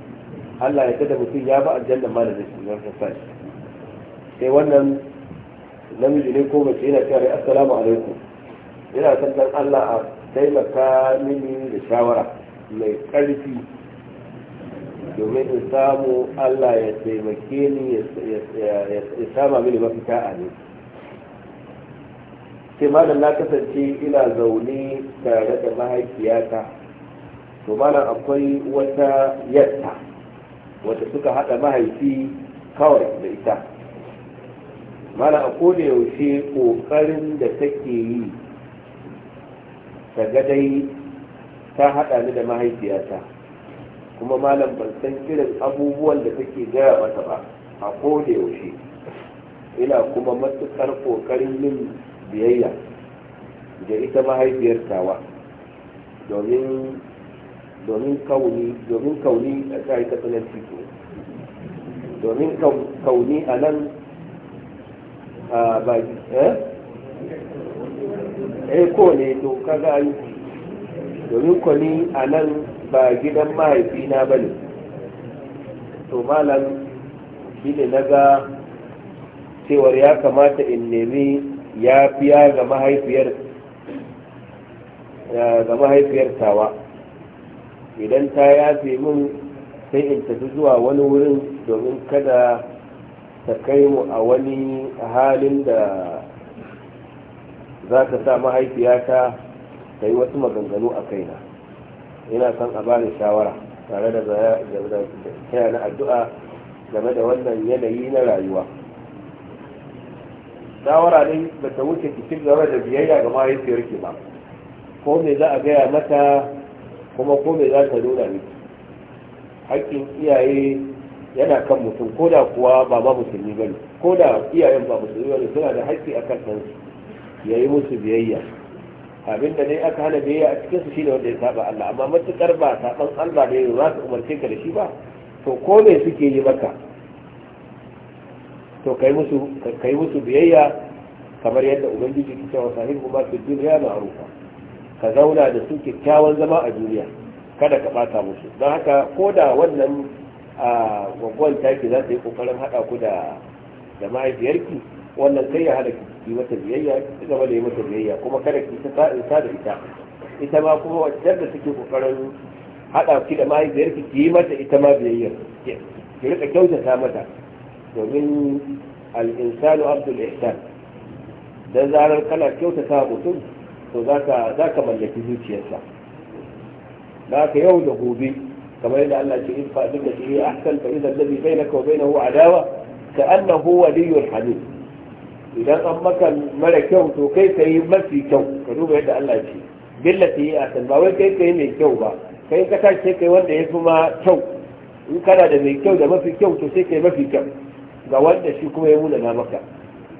Allah ya yarda da mutum ya ba aljanna ma da shi ya sa shi sai wannan namiji ne ko mace yana cewa assalamu alaikum ina son dan Allah a taimaka mini da shawara mai karfi domin in samu Allah ya taimake ni ya sama mini mafita a ne sai malam na kasance ina zaune tare da mahaifiyata to malam akwai wata yatta wata suka hada mahaifi kawai da ita malam a koda yaushe kokarin da take yi ta dai ta haɗa ni da mahaifiyata kuma malam ban san irin abubuwan da take gaya mata ba a koda yaushe ina kuma matuƙar kokarin yin biyayya da ita mahaifiyar tawa domin domin kauni a kai ta tsanar fito domin kauni a nan a baki eh eh ko ne to kaga ai domin kauni a nan ba gidan mahaifina ba ne to malam shi ne na ga cewar ya kamata in nemi ya fiya ga mahaifiyar ga mahaifiyar tawa idan ta yafe min sai in tafi zuwa wani wurin domin kada ta kai mu a wani halin da za ta sa mahaifiyata ta yi wasu maganganu a kaina ina son a bani shawara tare da tana addu'a game da wannan yanayi na rayuwa shawara ne da ta wuce cikin gaba da biyayya ga mahaifiyar ki ba ko me za a gaya mata kuma ko me za ta nuna ne hakkin iyaye yana kan mutum ko da kuwa ba ma musulmi ba ne ko da iyayen ba musulmi ba ne suna da haƙƙi a kan ɗansu ya yi musu biyayya abin da ne aka hana biyayya a cikinsu shi ne wanda ya saba Allah amma matuƙar ba saɓan Allah ne za su umarce ka da shi ba to ko me suke yi maka to kai musu kai musu biyayya kamar yadda ubangiji ke cewa sahibu ba su duniya ma'rufa ka zauna da su kyakkyawan zama a duniya kada ka bata musu don haka ko da wannan a gwaggon taki za ta yi kokarin haɗa ku da da mahaifiyarki wannan kai ya hada ki mata biyayya ki gaba da yi mata biyayya kuma kada ki ta sa'in sa da ita ita ma kuma wacce da suke kokarin haɗa ki da mahaifiyarki ki yi mata ita ma biyayya ki rika kyautata mata domin al'insanu abdul ihsan da zarar kana kyautata mutum to za ka mallaki zuciyarsa za ka yau da gobe kamar yadda Allah ce in faɗin da shi a ahsan fa idan ladhi bainaka na bainahu adawa ka annahu waliyyun hannu idan an maka mara kyau to kai ka yi mafi kyau ka duba yadda Allah ce billati yi ahsan ba wai kai ka yi mai kyau ba kai ka tashi kai wanda ya fi ma kyau in kana da mai kyau da mafi kyau to sai ka yi mafi kyau ga wanda shi kuma ya muna maka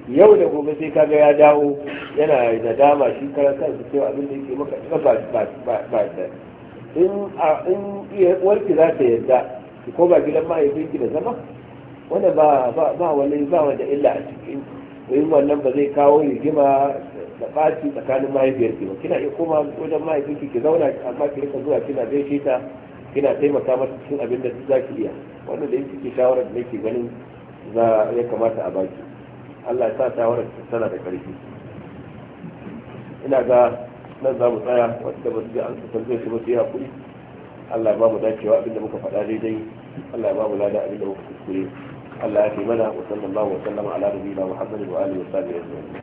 yau da gobe sai kaga ya dawo yana da dama shi karan kansa cewa abin da yake maka ba ba ba ba in a in warki za ta yarda ki koma gidan mahaifinki da zama wanda ba ba wani ba wanda illa a cikin in wannan ba zai kawo rigima da ɓaci tsakanin mahaifiyarki ba kina iya koma wajen mahaifinki ki zauna amma ki rika zuwa kina gaishe ta kina taimaka masa cikin abin da za ki iya wannan da yake shawarar da nake ganin za ya kamata a baki Allah ya sa shawarar tana da ƙarfi ina ga nan za mu tsaya wanda ba su ji an san zai su ya haƙuri Allah ya ba mu dacewa abinda muka faɗa daidai Allah ya ba mu lada abinda muka kuskure Allah ya fi mana wa sallallahu wa sallama ala nabiyina Muhammadin wa alihi wa sahbihi